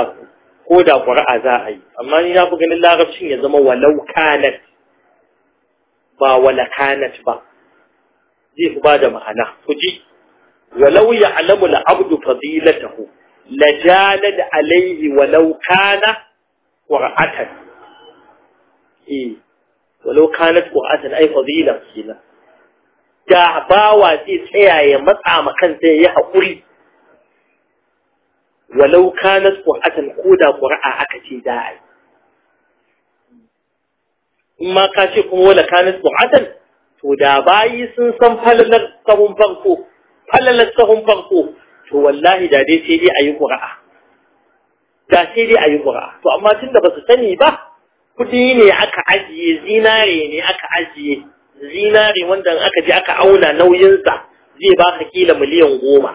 ko da ƙura'a za a yi amma ni na fi ganin larabcin ya zama walau kanat ba wala kanat ba zai fi ba da ma'ana ku ji walau ya alamu la'abdu fadilatahu la jalad alaihi walau kana ƙura'atan eh walau kanat ai fadila kenan da bawa zai tsaya ya matsa ma kansa ya yi haƙuri walau kanat qur'atan koda qur'a aka ce da ai in ma ka ce kuma wala kanat qur'atan to da bayi sun san falalar sahun farko falalar sahun farko to wallahi da dai sai dai ayi qur'a da sai dai ayi qur'a to amma tunda ba su sani ba kudi ne aka ajiye zinare ne aka ajiye zinare wanda aka je aka auna nauyinsa zai baka kila miliyan goma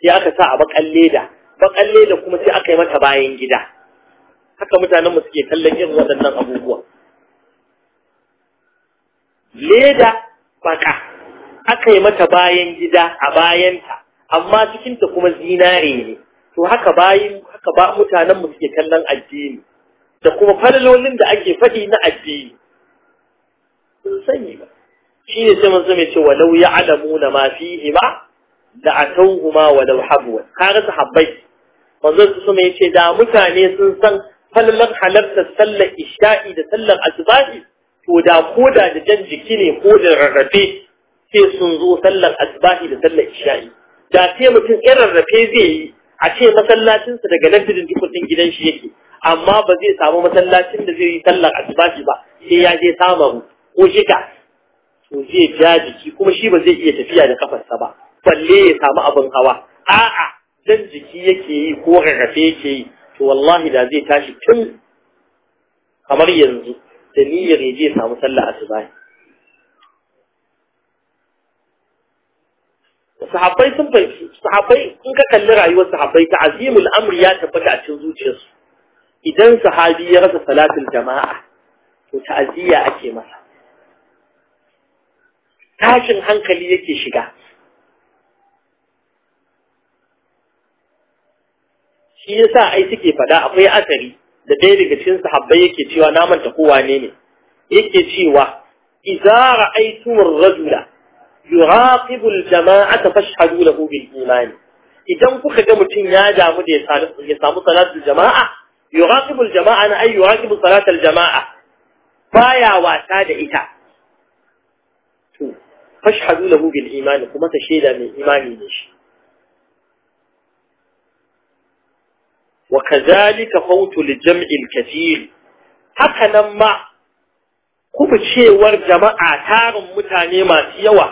sai aka sa a bakan leda baƙan da kuma sai aka yi mata bayan gida haka mutanen mu suke kallon irin waɗannan abubuwa leda baka aka yi mata bayan gida a bayanta amma cikinta kuma zinare ne to haka bayin haka ba mutanen mu suke kallon addini da kuma falalolin da ake faɗi na addini sun sani ba shi ne sai manzo mai ce walau ya'lamuna ma fihi ba da atawhuma walau habwa kaga sahabbai manzon su ya ce da mutane sun san falalar halartar sallar isha'i da sallar asbahi to da koda da jan jiki ne ko da rarrafe sai sun zo sallar asbahi da sallar isha'i da sai mutum ɗan rarrafe zai yi a ce masallacinsa daga nan tudun dukkan gidan shi yake amma ba zai samu masallacin da zai yi sallar asbahi ba sai ya je samaru ko shika to zai ja jiki kuma shi ba zai iya tafiya da kafarsa ba balle ya samu abin hawa a'a Idan jiki yake yi ko rarrafe yake yi to wallahi da zai tashi tun kamar yanzu da niyyar ya je samu sallah asuba sahabbai sun fahimci sahabbai in ka kalli rayuwar sahabbai ta azimul amri ya tabbata a cikin zuciyarsu idan sahabi ya rasa salatul jama'a to ta'aziyya ake masa tashin hankali yake shiga shi yasa ai suke fada akwai asari da ɗaya daga cikin sahabbai yake cewa na manta kowa ne ne yake cewa idza ra'aytum ar-rajula yuraqibu al-jama'ata fashhadu lahu bil iman idan kuka ga mutum ya damu da ya samu salatul jama'a yuraqibu al-jama'a na ay yuraqibu salatul jama'a baya wasa da ita to fashhadu lahu bil iman kuma ta shaida mai imani ne shi wa kazalika fautu jam'il kathir haka nan ma kubucewar jama'a tarin mutane masu yawa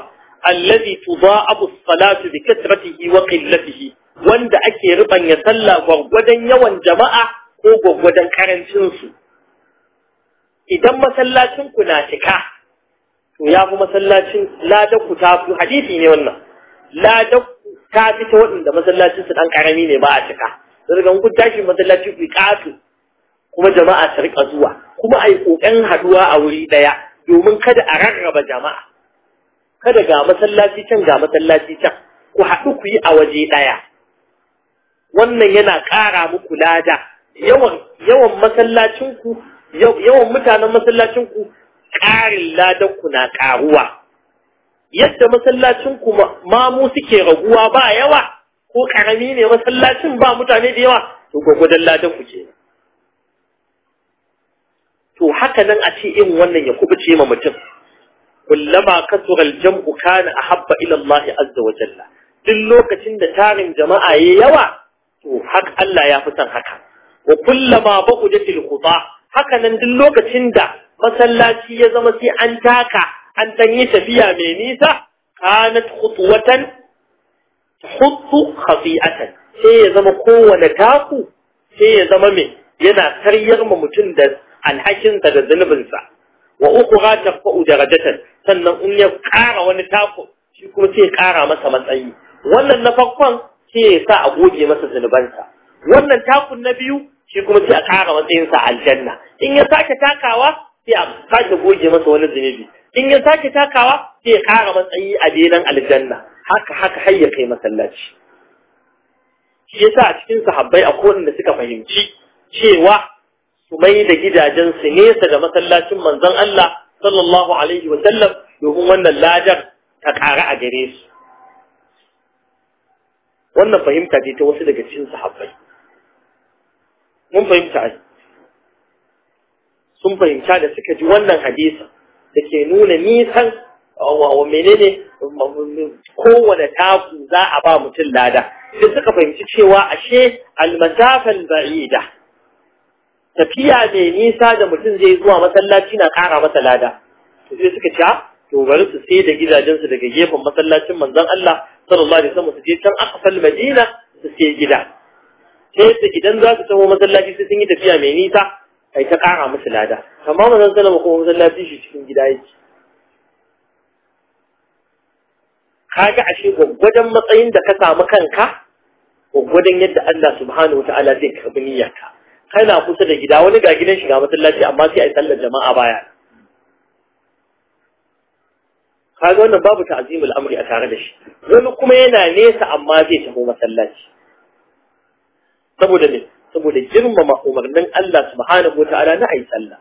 allazi tudha'abu as-salatu bi kathratihi wa qillatihi wanda ake ya sallah gwaggwadan yawan jama'a ko gwaggwadan karancin su idan masallacin ku na cika to ya fi masallacin ku ta hadisi ne wannan ladakku ta fi ta waɗanda masallacin su dan karami ne ba a cika daga ga kun tashi masallaci ku kafi kuma jama'a ta rika zuwa kuma ai kokarin haduwa a wuri daya domin kada a rarraba jama'a kada ga masallaci can ga masallaci can ku haɗu ku yi a waje daya wannan yana ƙara muku lada yawan yawan masallacin ku yawan mutanen masallacin ku ƙarin ladan ku na ƙaruwa yadda masallacin ku mamu suke raguwa ba yawa ko karami ne masallacin ba mutane da yawa to gwagwadon ladan ku kenan to haka nan a ce irin wannan ya kubuce ma mutum kullama kasura aljam'u kana ahabba ila Allah azza wa jalla duk lokacin da tarin jama'a yayi yawa to Allah ya fi son haka wa kullama baqudatil quda haka nan duk lokacin da masallaci ya zama sai an taka an tanyi tafiya mai nisa kanat khutwatan hutu khafi'atan sai ya zama kowane taku sai ya zama me yana karyar ma mutum da alhakinsa da zunubinsa wa ukhra tafa'u darajatan sannan in ya ƙara wani taku shi kuma sai ya ƙara masa matsayi wannan na farkon sai ya sa a goge masa zunubansa wannan takun na biyu shi kuma sai a ƙara matsayinsa aljanna in ya sake takawa sai a sake goge masa wani zunubi in ya sake takawa sai ya ƙara matsayi a benan aljanna haka haka har ya kai masallaci shi yasa a cikin sahabbai a kowanne suka fahimci cewa su mai da gidajen su nesa da masallacin manzon Allah sallallahu alaihi wa sallam domin wannan lajar ta ƙara a gare su wannan fahimta ce ta wasu daga cikin sahabbai mun fahimta ai sun fahimta da suka ji wannan hadisa da ke nuna nisan wa menene kowane taku za a ba mutum lada sai suka fahimci cewa ashe almasafan da. tafiya mai nisa da mutum zai zuwa masallaci na kara masa lada to sai suka ce ah, to bari su sai da gidajensu daga gefen masallacin manzon Allah sallallahu alaihi wasallam su je can aqsal madina su sai gida sai su idan za su taho masallaci sai sun yi tafiya mai nisa ai ta ƙara musu lada amma manzon sallama kuma masallaci shi cikin gida yake kaga ashe gwaggwadon matsayin da ka samu kanka gwaggwadon yadda Allah subhanahu wataala zai karbi niyyarka kana kusa da gida wani ga gidan shiga masallaci amma sai ai sallar jama'a baya kaga wannan babu ta'zimul amri a tare da shi wani kuma yana nesa amma zai tafi masallaci saboda ne saboda girmama umarnin Allah subhanahu Ta'ala, na ayi sallah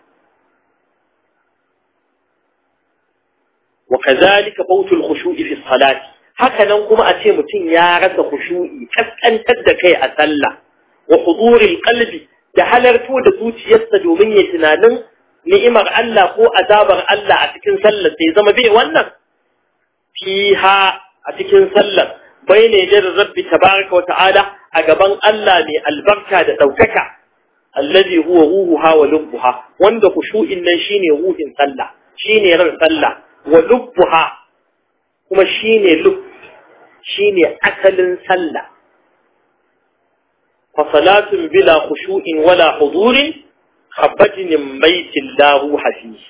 wa kazalika bautul khushu'i fi salati haka nan kuma a ce mutum ya rasa khushu'i kaskantar da kai a sallah wa huduril qalbi da halarto da zuciyarsa domin ya tunanin ni'imar Allah ko azabar Allah a cikin sallar sai zama bai wannan fiha a cikin sallar baine da rabbi tabaraka wa ta'ala a gaban Allah mai albarka da daukaka allazi huwa ruhuha wa lubbuha wanda khushu'in nan shine ruhin sallah shine ran sallah wa lubbuha kuma shine lub shine asalin sallah fa salatun bila khushu'in wala hudurin khabatin baitin lahu hafiz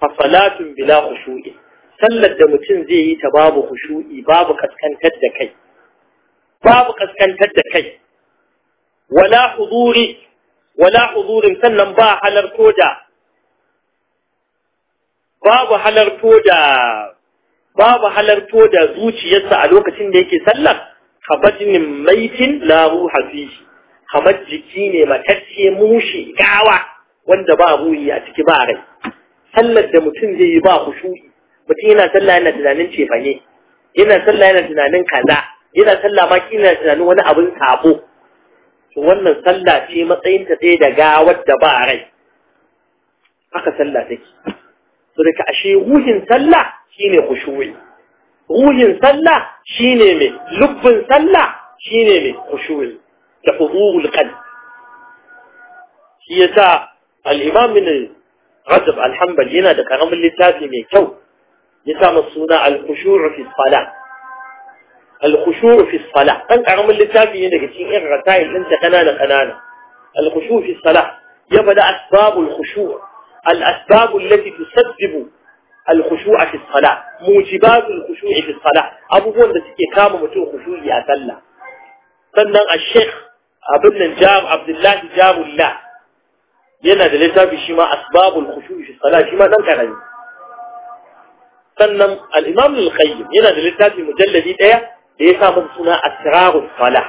fa salatun bila khushu'in sallar da mutum zai yi ta babu hushu'i babu kaskantar da kai babu kaskantar da kai wala huzuri wala huzurin sannan ba halar koda babu halar koda babu halar koda zuciyarsa a lokacin da yake sallar kabajinin maitin la ruha fihi kamar jiki ne matacce mushi gawa wanda ba ruhi a ciki ba rai sallar da mutum zai yi ba khushu'i mutum yana sallah yana tunanin cefane yana sallah yana tunanin kaza yana sallah ma kina tunanin wani abin sabo to wannan sallah ce matsayin ta sai da gawar da ba rai haka sallah take to daga ashe ruhin sallah shine khushu'i ruhin sallah shine me lubbin sallah shine me khushu'i da hudurul qalb shi yasa al-imam min rajab al-hanbali yana da karamin littafi mai kyau لسان الصناع الخشوع في الصلاة الخشوع في الصلاة أن أعمل لتافي هنا كتير إن إيه أنت قنانة قنانة الخشوع في الصلاة يبدأ أسباب الخشوع الأسباب التي تسبب الخشوع في الصلاة موجبات الخشوع في الصلاة أبو هو تكي كام متو خشوعي أتلا سنن الشيخ ابن الجام عبد الله جام الله ينادي ده شما أسباب الخشوع في الصلاة شما ننكر كراني sannan al-imam al-qayyim yana da littafi mujalladi daya da ya sa masa suna asrarus salah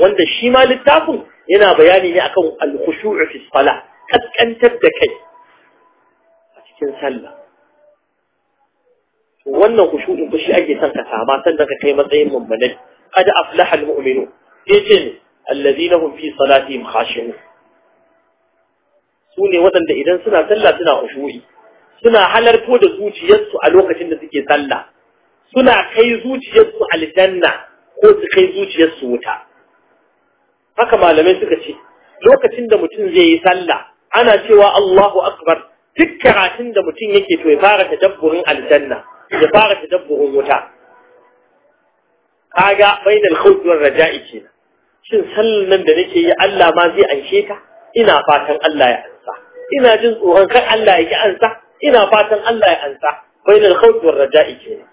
wanda shi ma littafin yana bayani ne akan al-khushu' fi salah kaskantar da kai a cikin sallah wannan khushu'in ba shi ake son ka sama sannan ka kai matsayin mummunai qad aflaha al-mu'minun yace ne allazina hum fi salatihim khashi'un su ne waɗanda idan suna sallah suna khushu'i suna halarto da zuciyarsu a lokacin da suke sallah suna kai zuciyarsu aljanna ko su kai zuciyarsu wuta haka malamai suka ce lokacin da mutum zai yi sallah ana cewa Allahu akbar duk karatun da mutum yake to ya fara tadabburin aljanna ya fara tadabburin wuta kaga bainal khawf wal raja'i kenan shin sallan nan da nake yi Allah ma zai anshe ta ina fatan Allah ya ansa ina jin tsoron kar Allah ya ki ansa ina fatan Allah ya ansa bainal khawf war raja'i kenan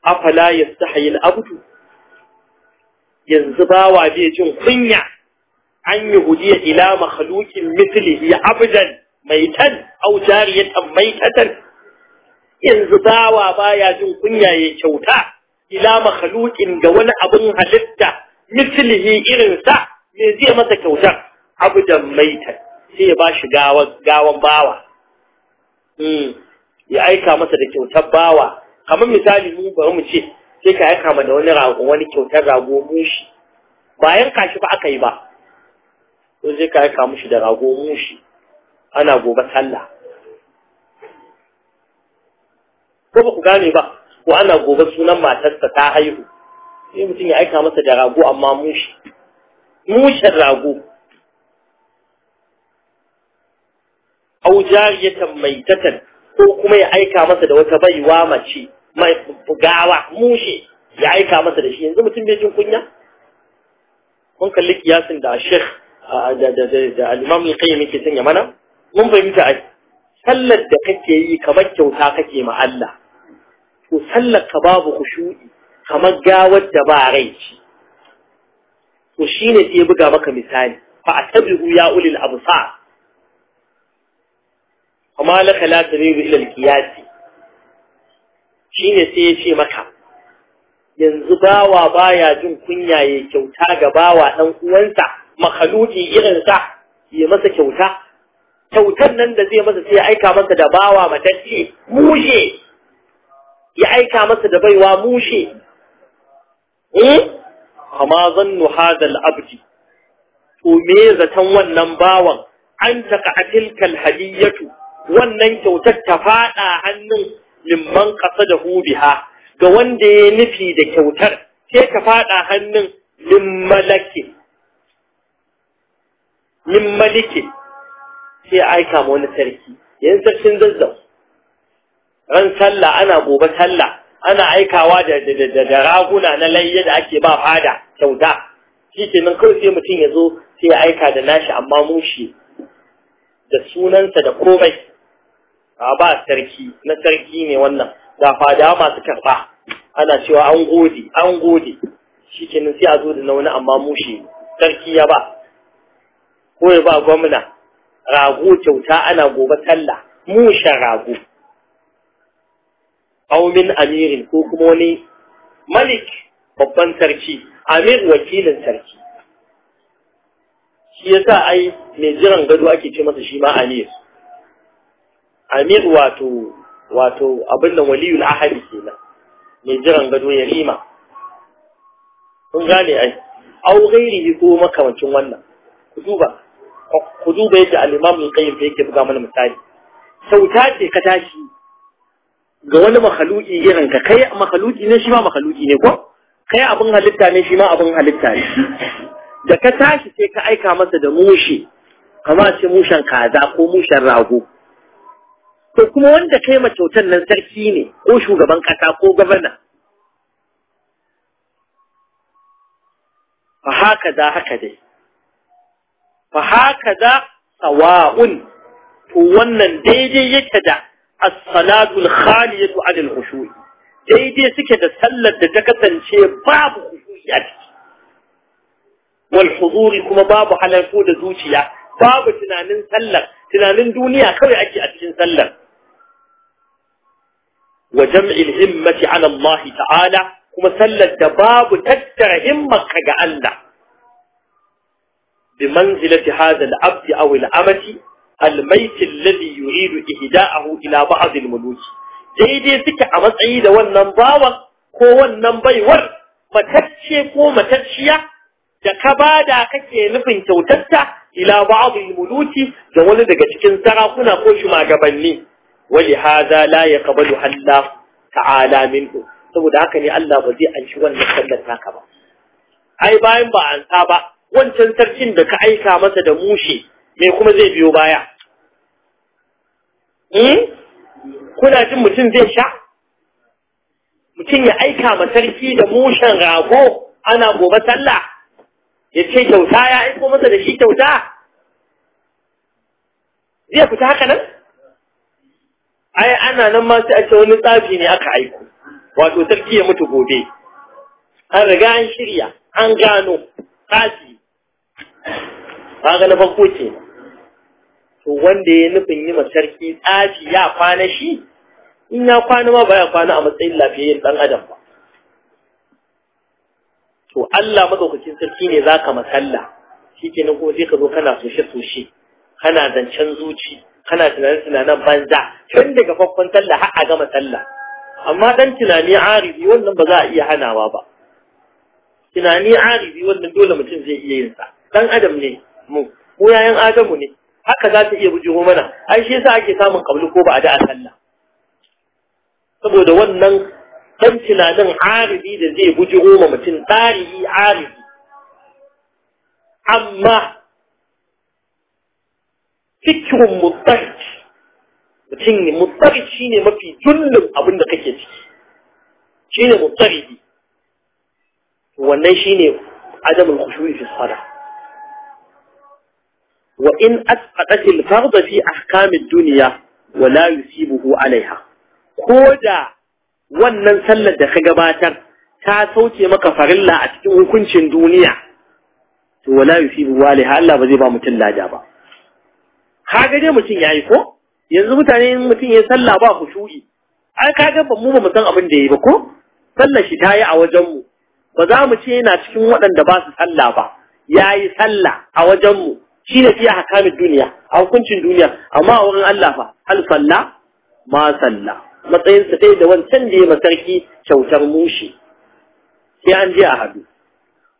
afala yastahi al-abdu yanzu bawa bai jin kunya an yi hudiya ila makhluqin mithlihi abdan maitan aw jariyatan maitatan yanzu bawa baya jin kunya ya kyauta ila makhluqin ga wani abun halitta mithlihi irin sa me zai masa kyautar abdan maitan sai ya ba shi gawan bawa hmm, ya aika masa da kyautar bawa kamar misali mu bari mu ce sai ka aika ma da wani rago wani kyautar rago mushi ba yanka shi ba aka yi ba to sai ka aika mushi da rago mushi ana gobe sallah ko ba ku gane ba ko ana gobe sunan matarsa ta haihu sai mutum ya aika masa da rago amma mushi mushin rago au jariyatan maitatan ko kuma ya aika masa da wata baiwa mace mai gawa mushe ya aika masa da shi yanzu mutum bai jin kunya kun kalli kiyasin da Sheikh da da da al-Imam al-Qayyim yake sanya mana mun fahimta ai sallar da kake yi kamar kyauta kake ma Allah to sallar ka babu khushu'i kamar gawar da ba rai ci to shine sai buga maka misali fa atabihu ya ulil absar kuma laka la ilal kiyasi. Shi ne sai ya ce maka yanzu bawa baya jin kunya ya kyauta ga bawa dan uwansa makhluki irin sa ya masa kyauta kyautar nan da zai masa sai ya aika masa da bawa matacce mushe ya aika masa da baiwa mushe eh amma zannu hadal abdi to me zaton wannan bawan an taka atilkal hadiyatu wannan kyautar ta faɗa hannun limman ƙasa da hubiha ga wanda ya nufi da kyautar sai ka faɗa hannun limmalake limmalike sai aika ma wani sarki yan sarkin zazzau ran sallah ana gobe sallah ana aikawa da da raguna na layya da ake ba fada kyauta shi ke nan kawai sai mutum ya zo sai ya aika da nashi amma mushi da sunansa da komai a ba sarki na sarki ne wannan Da fada masu karba ana cewa an gode an gode shi kenan sai a zo da na wani amma mushe sarki ya ba ko ya ba gwamna rago kyauta ana gobe talla mushen rago aumin amirin ko kuma wani malik babban sarki amir wakilin sarki shi yasa ai mai jiran gado ake ce masa shi ma amir amir wato wato abin da waliyul ahadi nan. mai jiran gado ya rima kun gane ai au ghairihi ko makamancin wannan ku duba ku duba yadda al kayan al-qayyim yake buga mana misali sauta ce ka tashi ga wani makhaluki irin ka kai makhaluki ne shi ma makhaluki ne ko kai abin halitta ne shi ma abin halitta ne da ka tashi sai ka aika masa da mushi kama ce mushen kaza ko mushen rago to kuma wanda kai ma kyautar nan sarki ne ko shugaban kasa ko gwamna fa haka za haka dai fa haka za sawa'un to wannan daidai yake da as-salatul khaliyatu 'ala al-khushu' daidai suke da sallar da ta kasance babu khushu'i والحضور كما باب على فود زوجية باب تنانين سلر تنانين دونية كوي أكي أتشن سلر وجمع الهمة على الله تعالى كما سلر دباب تكتر همة كجا الله بمنزلة هذا العبد أو الأمت الميت الذي يريد إهداءه إلى بعض الملوك جيدي سكة أمس عيدة والنباوة هو النبيور ما تكشي كو ما تكشيه da ka ba da kake nufin kyautarta ila ba'dil muluki da wani daga cikin sarakuna ko shugabanni li hadha la yaqbalu Allah ta'ala minhu saboda haka ne Allah ba zai anshi wannan sallar naka ba ai bayan ba an ta ba wancan sarkin da ka aika masa da mushi me kuma zai biyo baya hmm? kuna jin mutum zai sha mutum ya aika ma sarki da mushen rago ana gobe sallah ya ce kyauta ya aiko masa da shi kyauta zai fita haka nan ai ana nan ma sai a ce wani tsafi ne aka aiko wato sarki ya mutu gobe an riga an shirya an gano tsafi kaga na farko ke to wanda ya nufin yi ma sarki tsafi ya kwana shi in ya kwana ma ba ya kwana a matsayin lafiyayyen dan adam ba to Allah madaukakin sarki ne zaka masalla nan kuma sai ka zo kana soshe soshe kana zancen zuci kana tunanin tunanan banza tun daga faffan sallah har a gama sallah amma dan tunani aridi wannan ba za a iya hanawa ba tunani aridi wannan dole mutum zai iya yin sa dan adam ne mu ko yayan adamu ne haka za ta iya bujiro mana ai shi yasa ake samun kabli ko ba a da sallah saboda wannan dan tunanin aribi da zai bujiro goma mutum tarihi aribi amma fikirin mutarci mutum ne mutarci shi ne mafi jullum abin da kake ciki shi ne mutarci wannan shi ne adamin kushuri fi sada wa in asqatatil farda fi ahkamid dunya wa la yusibuhu alaiha ko da wannan sallar da ka gabatar ta sauke maka farilla a cikin hukuncin duniya to wala yusibu waliha Allah ba zai ba mutum lada ba kaga dai mutum yayi ko yanzu mutane mutum ya sallah ba khushu'i ai ka ba mu ba mu san abin da yayi ba ko sallar shi tayi a wajen mu ba za mu ce yana cikin waɗanda ba su sallah ba yayi sallah a wajen mu shine fiye hakamin duniya a hukuncin duniya amma a wurin Allah fa al salla ma salla matsayinsa ɗaya da wancan da ya masarki kyautar mushi sai an je a hadu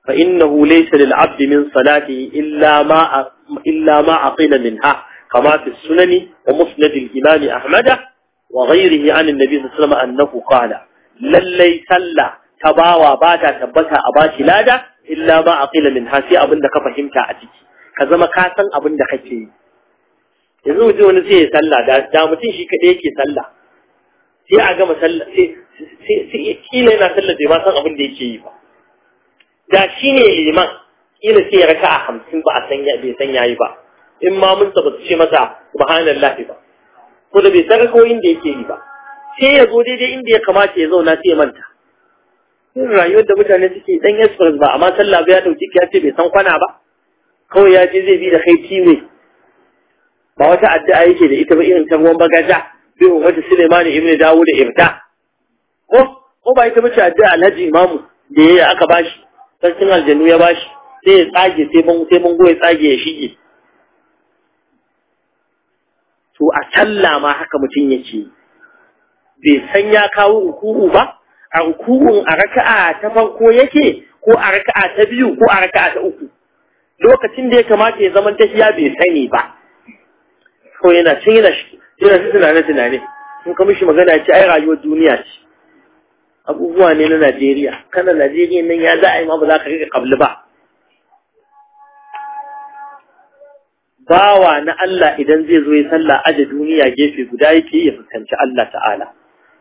fa innahu laysa lil abdi min salati illa ma illa ma aqila minha kama fi sunani wa musnad al imam ahmad wa ghayrihi an annabi sallallahu alaihi wasallam annahu qala lallai sallah ta bawa ba ta tabbata a bashi lada illa ma aqila minha sai abinda ka fahimta a ciki ka zama ka san abinda kake yi yanzu mutum wani sai ya sallah da mutum shi kaɗai yake sallah sai a gama sallah sai sai kila yana sallah bai ma san abin da yake yi ba da shi ne liman kila sai raka a hamsin ba a san bai san yayi ba in ma mun ba su ce masa subhanallah ba ko da bai san ko inda yake yi ba sai ya zo daidai inda ya kamata ya zauna sai ya manta yin rayuwar da mutane suke dan express ba amma sallah ba ya dauki ya ce bai san kwana ba kawai ya je zai bi da kai ne ba wata addu'a yake da ita ba irin ta ruwan bagaja bi ummati Sulaiman ibn Dawud ibda ko ko ba ita bace addu'a Alhaji Imamu da yayi aka bashi sarkin aljannu ya bashi sai ya tsage sai bango sai mun ya tsage ya shige to a talla ma haka mutum yake bai san ya kawo ruku'u ba a ruku'un a raka'a ta farko yake ko a raka'a ta biyu ko a raka'a ta uku lokacin da ya kamata ya zama tafiya bai sani ba ko yana cin yana yana ta tunane-tunane Sun ka mishi magana ce ai rayuwar duniya ce abubuwa ne na Najeriya kana Najeriya nan ya za a yi ma ba za ka rika kabli ba bawa na Allah idan zai zo ya sallah aje duniya gefe guda yake ya fuskanci Allah ta'ala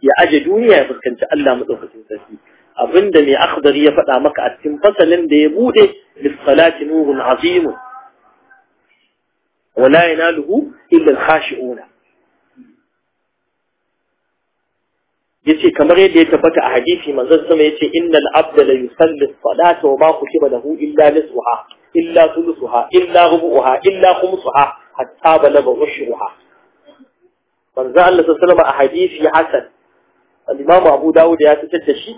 ya aje duniya ya fuskanci Allah madaukakin sarki abinda mai akhdari ya faɗa maka a cikin fasalin da ya bude bis salati nurun azim wala yanaluhu illa al-khashi'una yace kamar yadda ya tabbata a hadisi manzon sama yace innal abda la yusalli salata wa ma kutiba lahu illa nisfuha illa thuluthuha illa rubuha illa khumsuha hatta balagha ushruha manzon Allah sallallahu a hadisi hasan al-imam Abu Dawud ya fitar da shi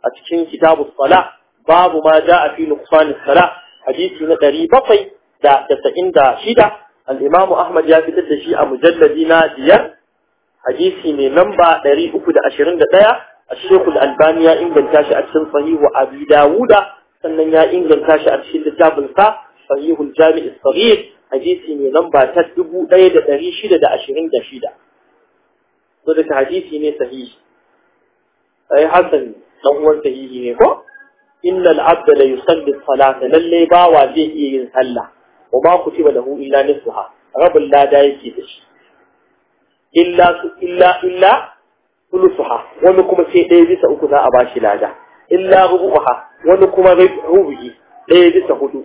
a cikin kitabus sala babu ma jaa fi nuqsan sala hadisi na 700 da 96 al-imam Ahmad ya fitar da shi a mujalladi na biyar hadisi ne namba 321 a Al-Albani ya inganta shi a cikin Sahihu Abi Dawuda sannan ya inganta shi a cikin littafin sa Sahihul Jami' as hadisi ne namba ta 1626 to da hadisi ne sahihi ai hasan dan uwan sahihi ne ko inna al-abda la yusalli as-salata lalle bawa zai iya yin sallah wa ma kutiba lahu illa nisfuha rabul lada yake da shi illa su illa illa sulusuha wani kuma sai ɗaya bisa uku za a ba shi lada illa rubuha wani kuma rubuhi ɗaya bisa hudu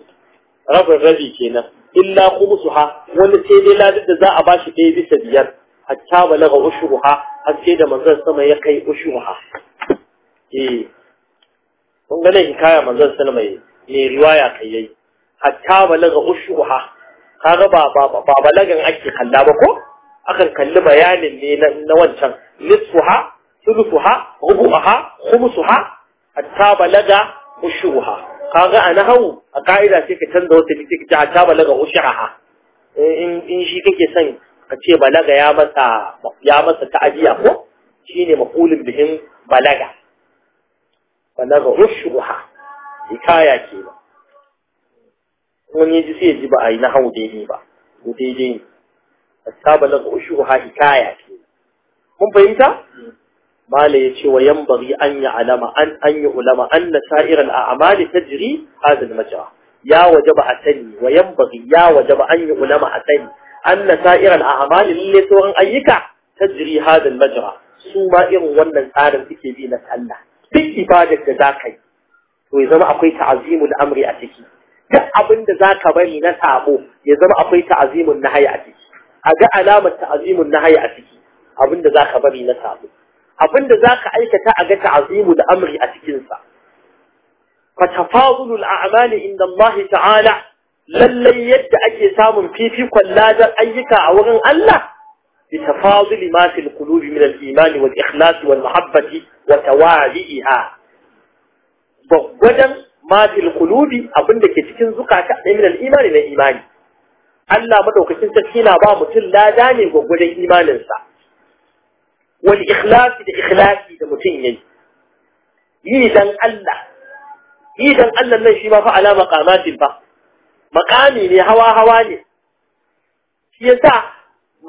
rabin rabi kenan illa khumsuha wani sai dai ladar da za a ba shi ɗaya bisa biyar hatta balaga ushuha har sai da manzon sama ya kai ushuha eh kun ga nan hikaya manzon sallama ne riwaya kai yayi hatta balaga ushuha kaga ba ba ba balagan ake kalla ba ko akan kalli bayanin ne na wancan nisfuha sulusuha rubu'aha khumsuha hatta balaga ushuha kaga a nahawu a ka'ida sai ka canza wata ne sai ka ce balaga ushuha eh, in in shi kake son ka ce balaga ya masa ya masa ta'ajiya ko shine maqulun bihin balaga balaga ushuha hikaya ke kenan wani ji sai ji ba a yi nahawu daidai ba daidai ne astabalagh ushuha hikaya mun fahimta mala yace wa yanbaghi an ya'lama an an yu'lama anna sa'ir al-a'mali tajri hadha al-majra ya wajaba asani wa yanbaghi ya wajaba an yu'lama asani anna sa'ir al-a'mali lillahi sauran ayyuka tajri hadha al-majra su ma irin wannan tsarin suke bi na sallah duk ibadar da zaka yi to ya zama akwai ta'azimul amri a ciki duk abin da zaka bari na sabo ya zama akwai ta'azimul nahyi a ciki aga alamar ta'zimin nahayi a ciki abinda zaka bari na sabo abinda zaka aikata aga ta'zimu da amri a cikin sa fa tafadulul a'mali inda Allah ta'ala lalle yadda ake samun fifikon ladar ayyuka a wurin Allah bi tafaduli ma fil qulubi min al-iman wal ikhlas wal mahabbati wa tawali'iha gudan ma fil qulubi abinda ke cikin zukata da min al-iman na imani Allah madaukakin sarki na ba mutum lada ne gwagwajen imaninsa wal ikhlasi da ikhlasi da mutum yayi yi dan Allah yi dan Allah nan shi ma fa ala maqamatin fa maqami ne hawa hawa ne shi yasa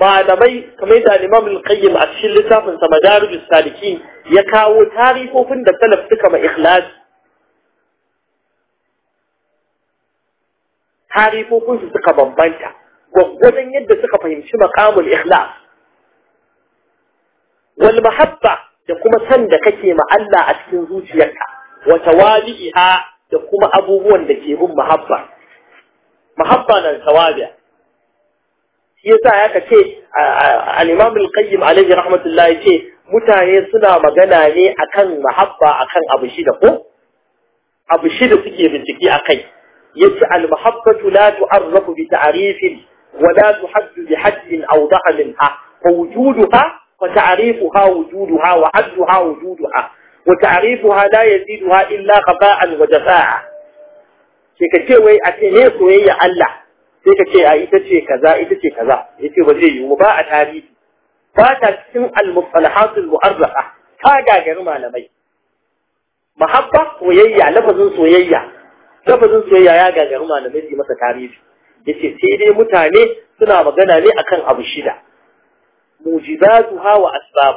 malamai kamar da Imam al-Qayyim a cikin littafin sa Madarijus Salikin ya kawo tarifofin da salaf suka ma ikhlasi su suka bambanta gwaggwadon yadda suka fahimci makamul ikhlas wal mahabba da kuma san da kake ma Allah a cikin zuciyarka wa tawadi'iha da kuma abubuwan da ke bin mahabba mahabba nan tawadi'a shi yasa ya kace al-Imam al-Qayyim alayhi rahmatullah yace mutane suna magana ne akan mahabba akan abu shida ko abu shida suke bincike akai يتع المحبة لا تعرف بتعريف ولا تحد بحد أو دعل فوجودها وتعريفها وجودها وحدها وجودها وتعريفها لا يزيدها إلا غباء وجفاء سيكتشي وي أتنيس وي ألا سيكتشي أيتشي كذا أيتشي كذا يتشي وزي وباء تاريخ فاتا تسمع المصطلحات المؤرخة فاقا جرمان مي محبة ويي لفظ سويي lafazin soyayya ya gagari malamai su masa tarihi yace sai dai mutane suna magana ne akan abu shida mujizatu hawa asbab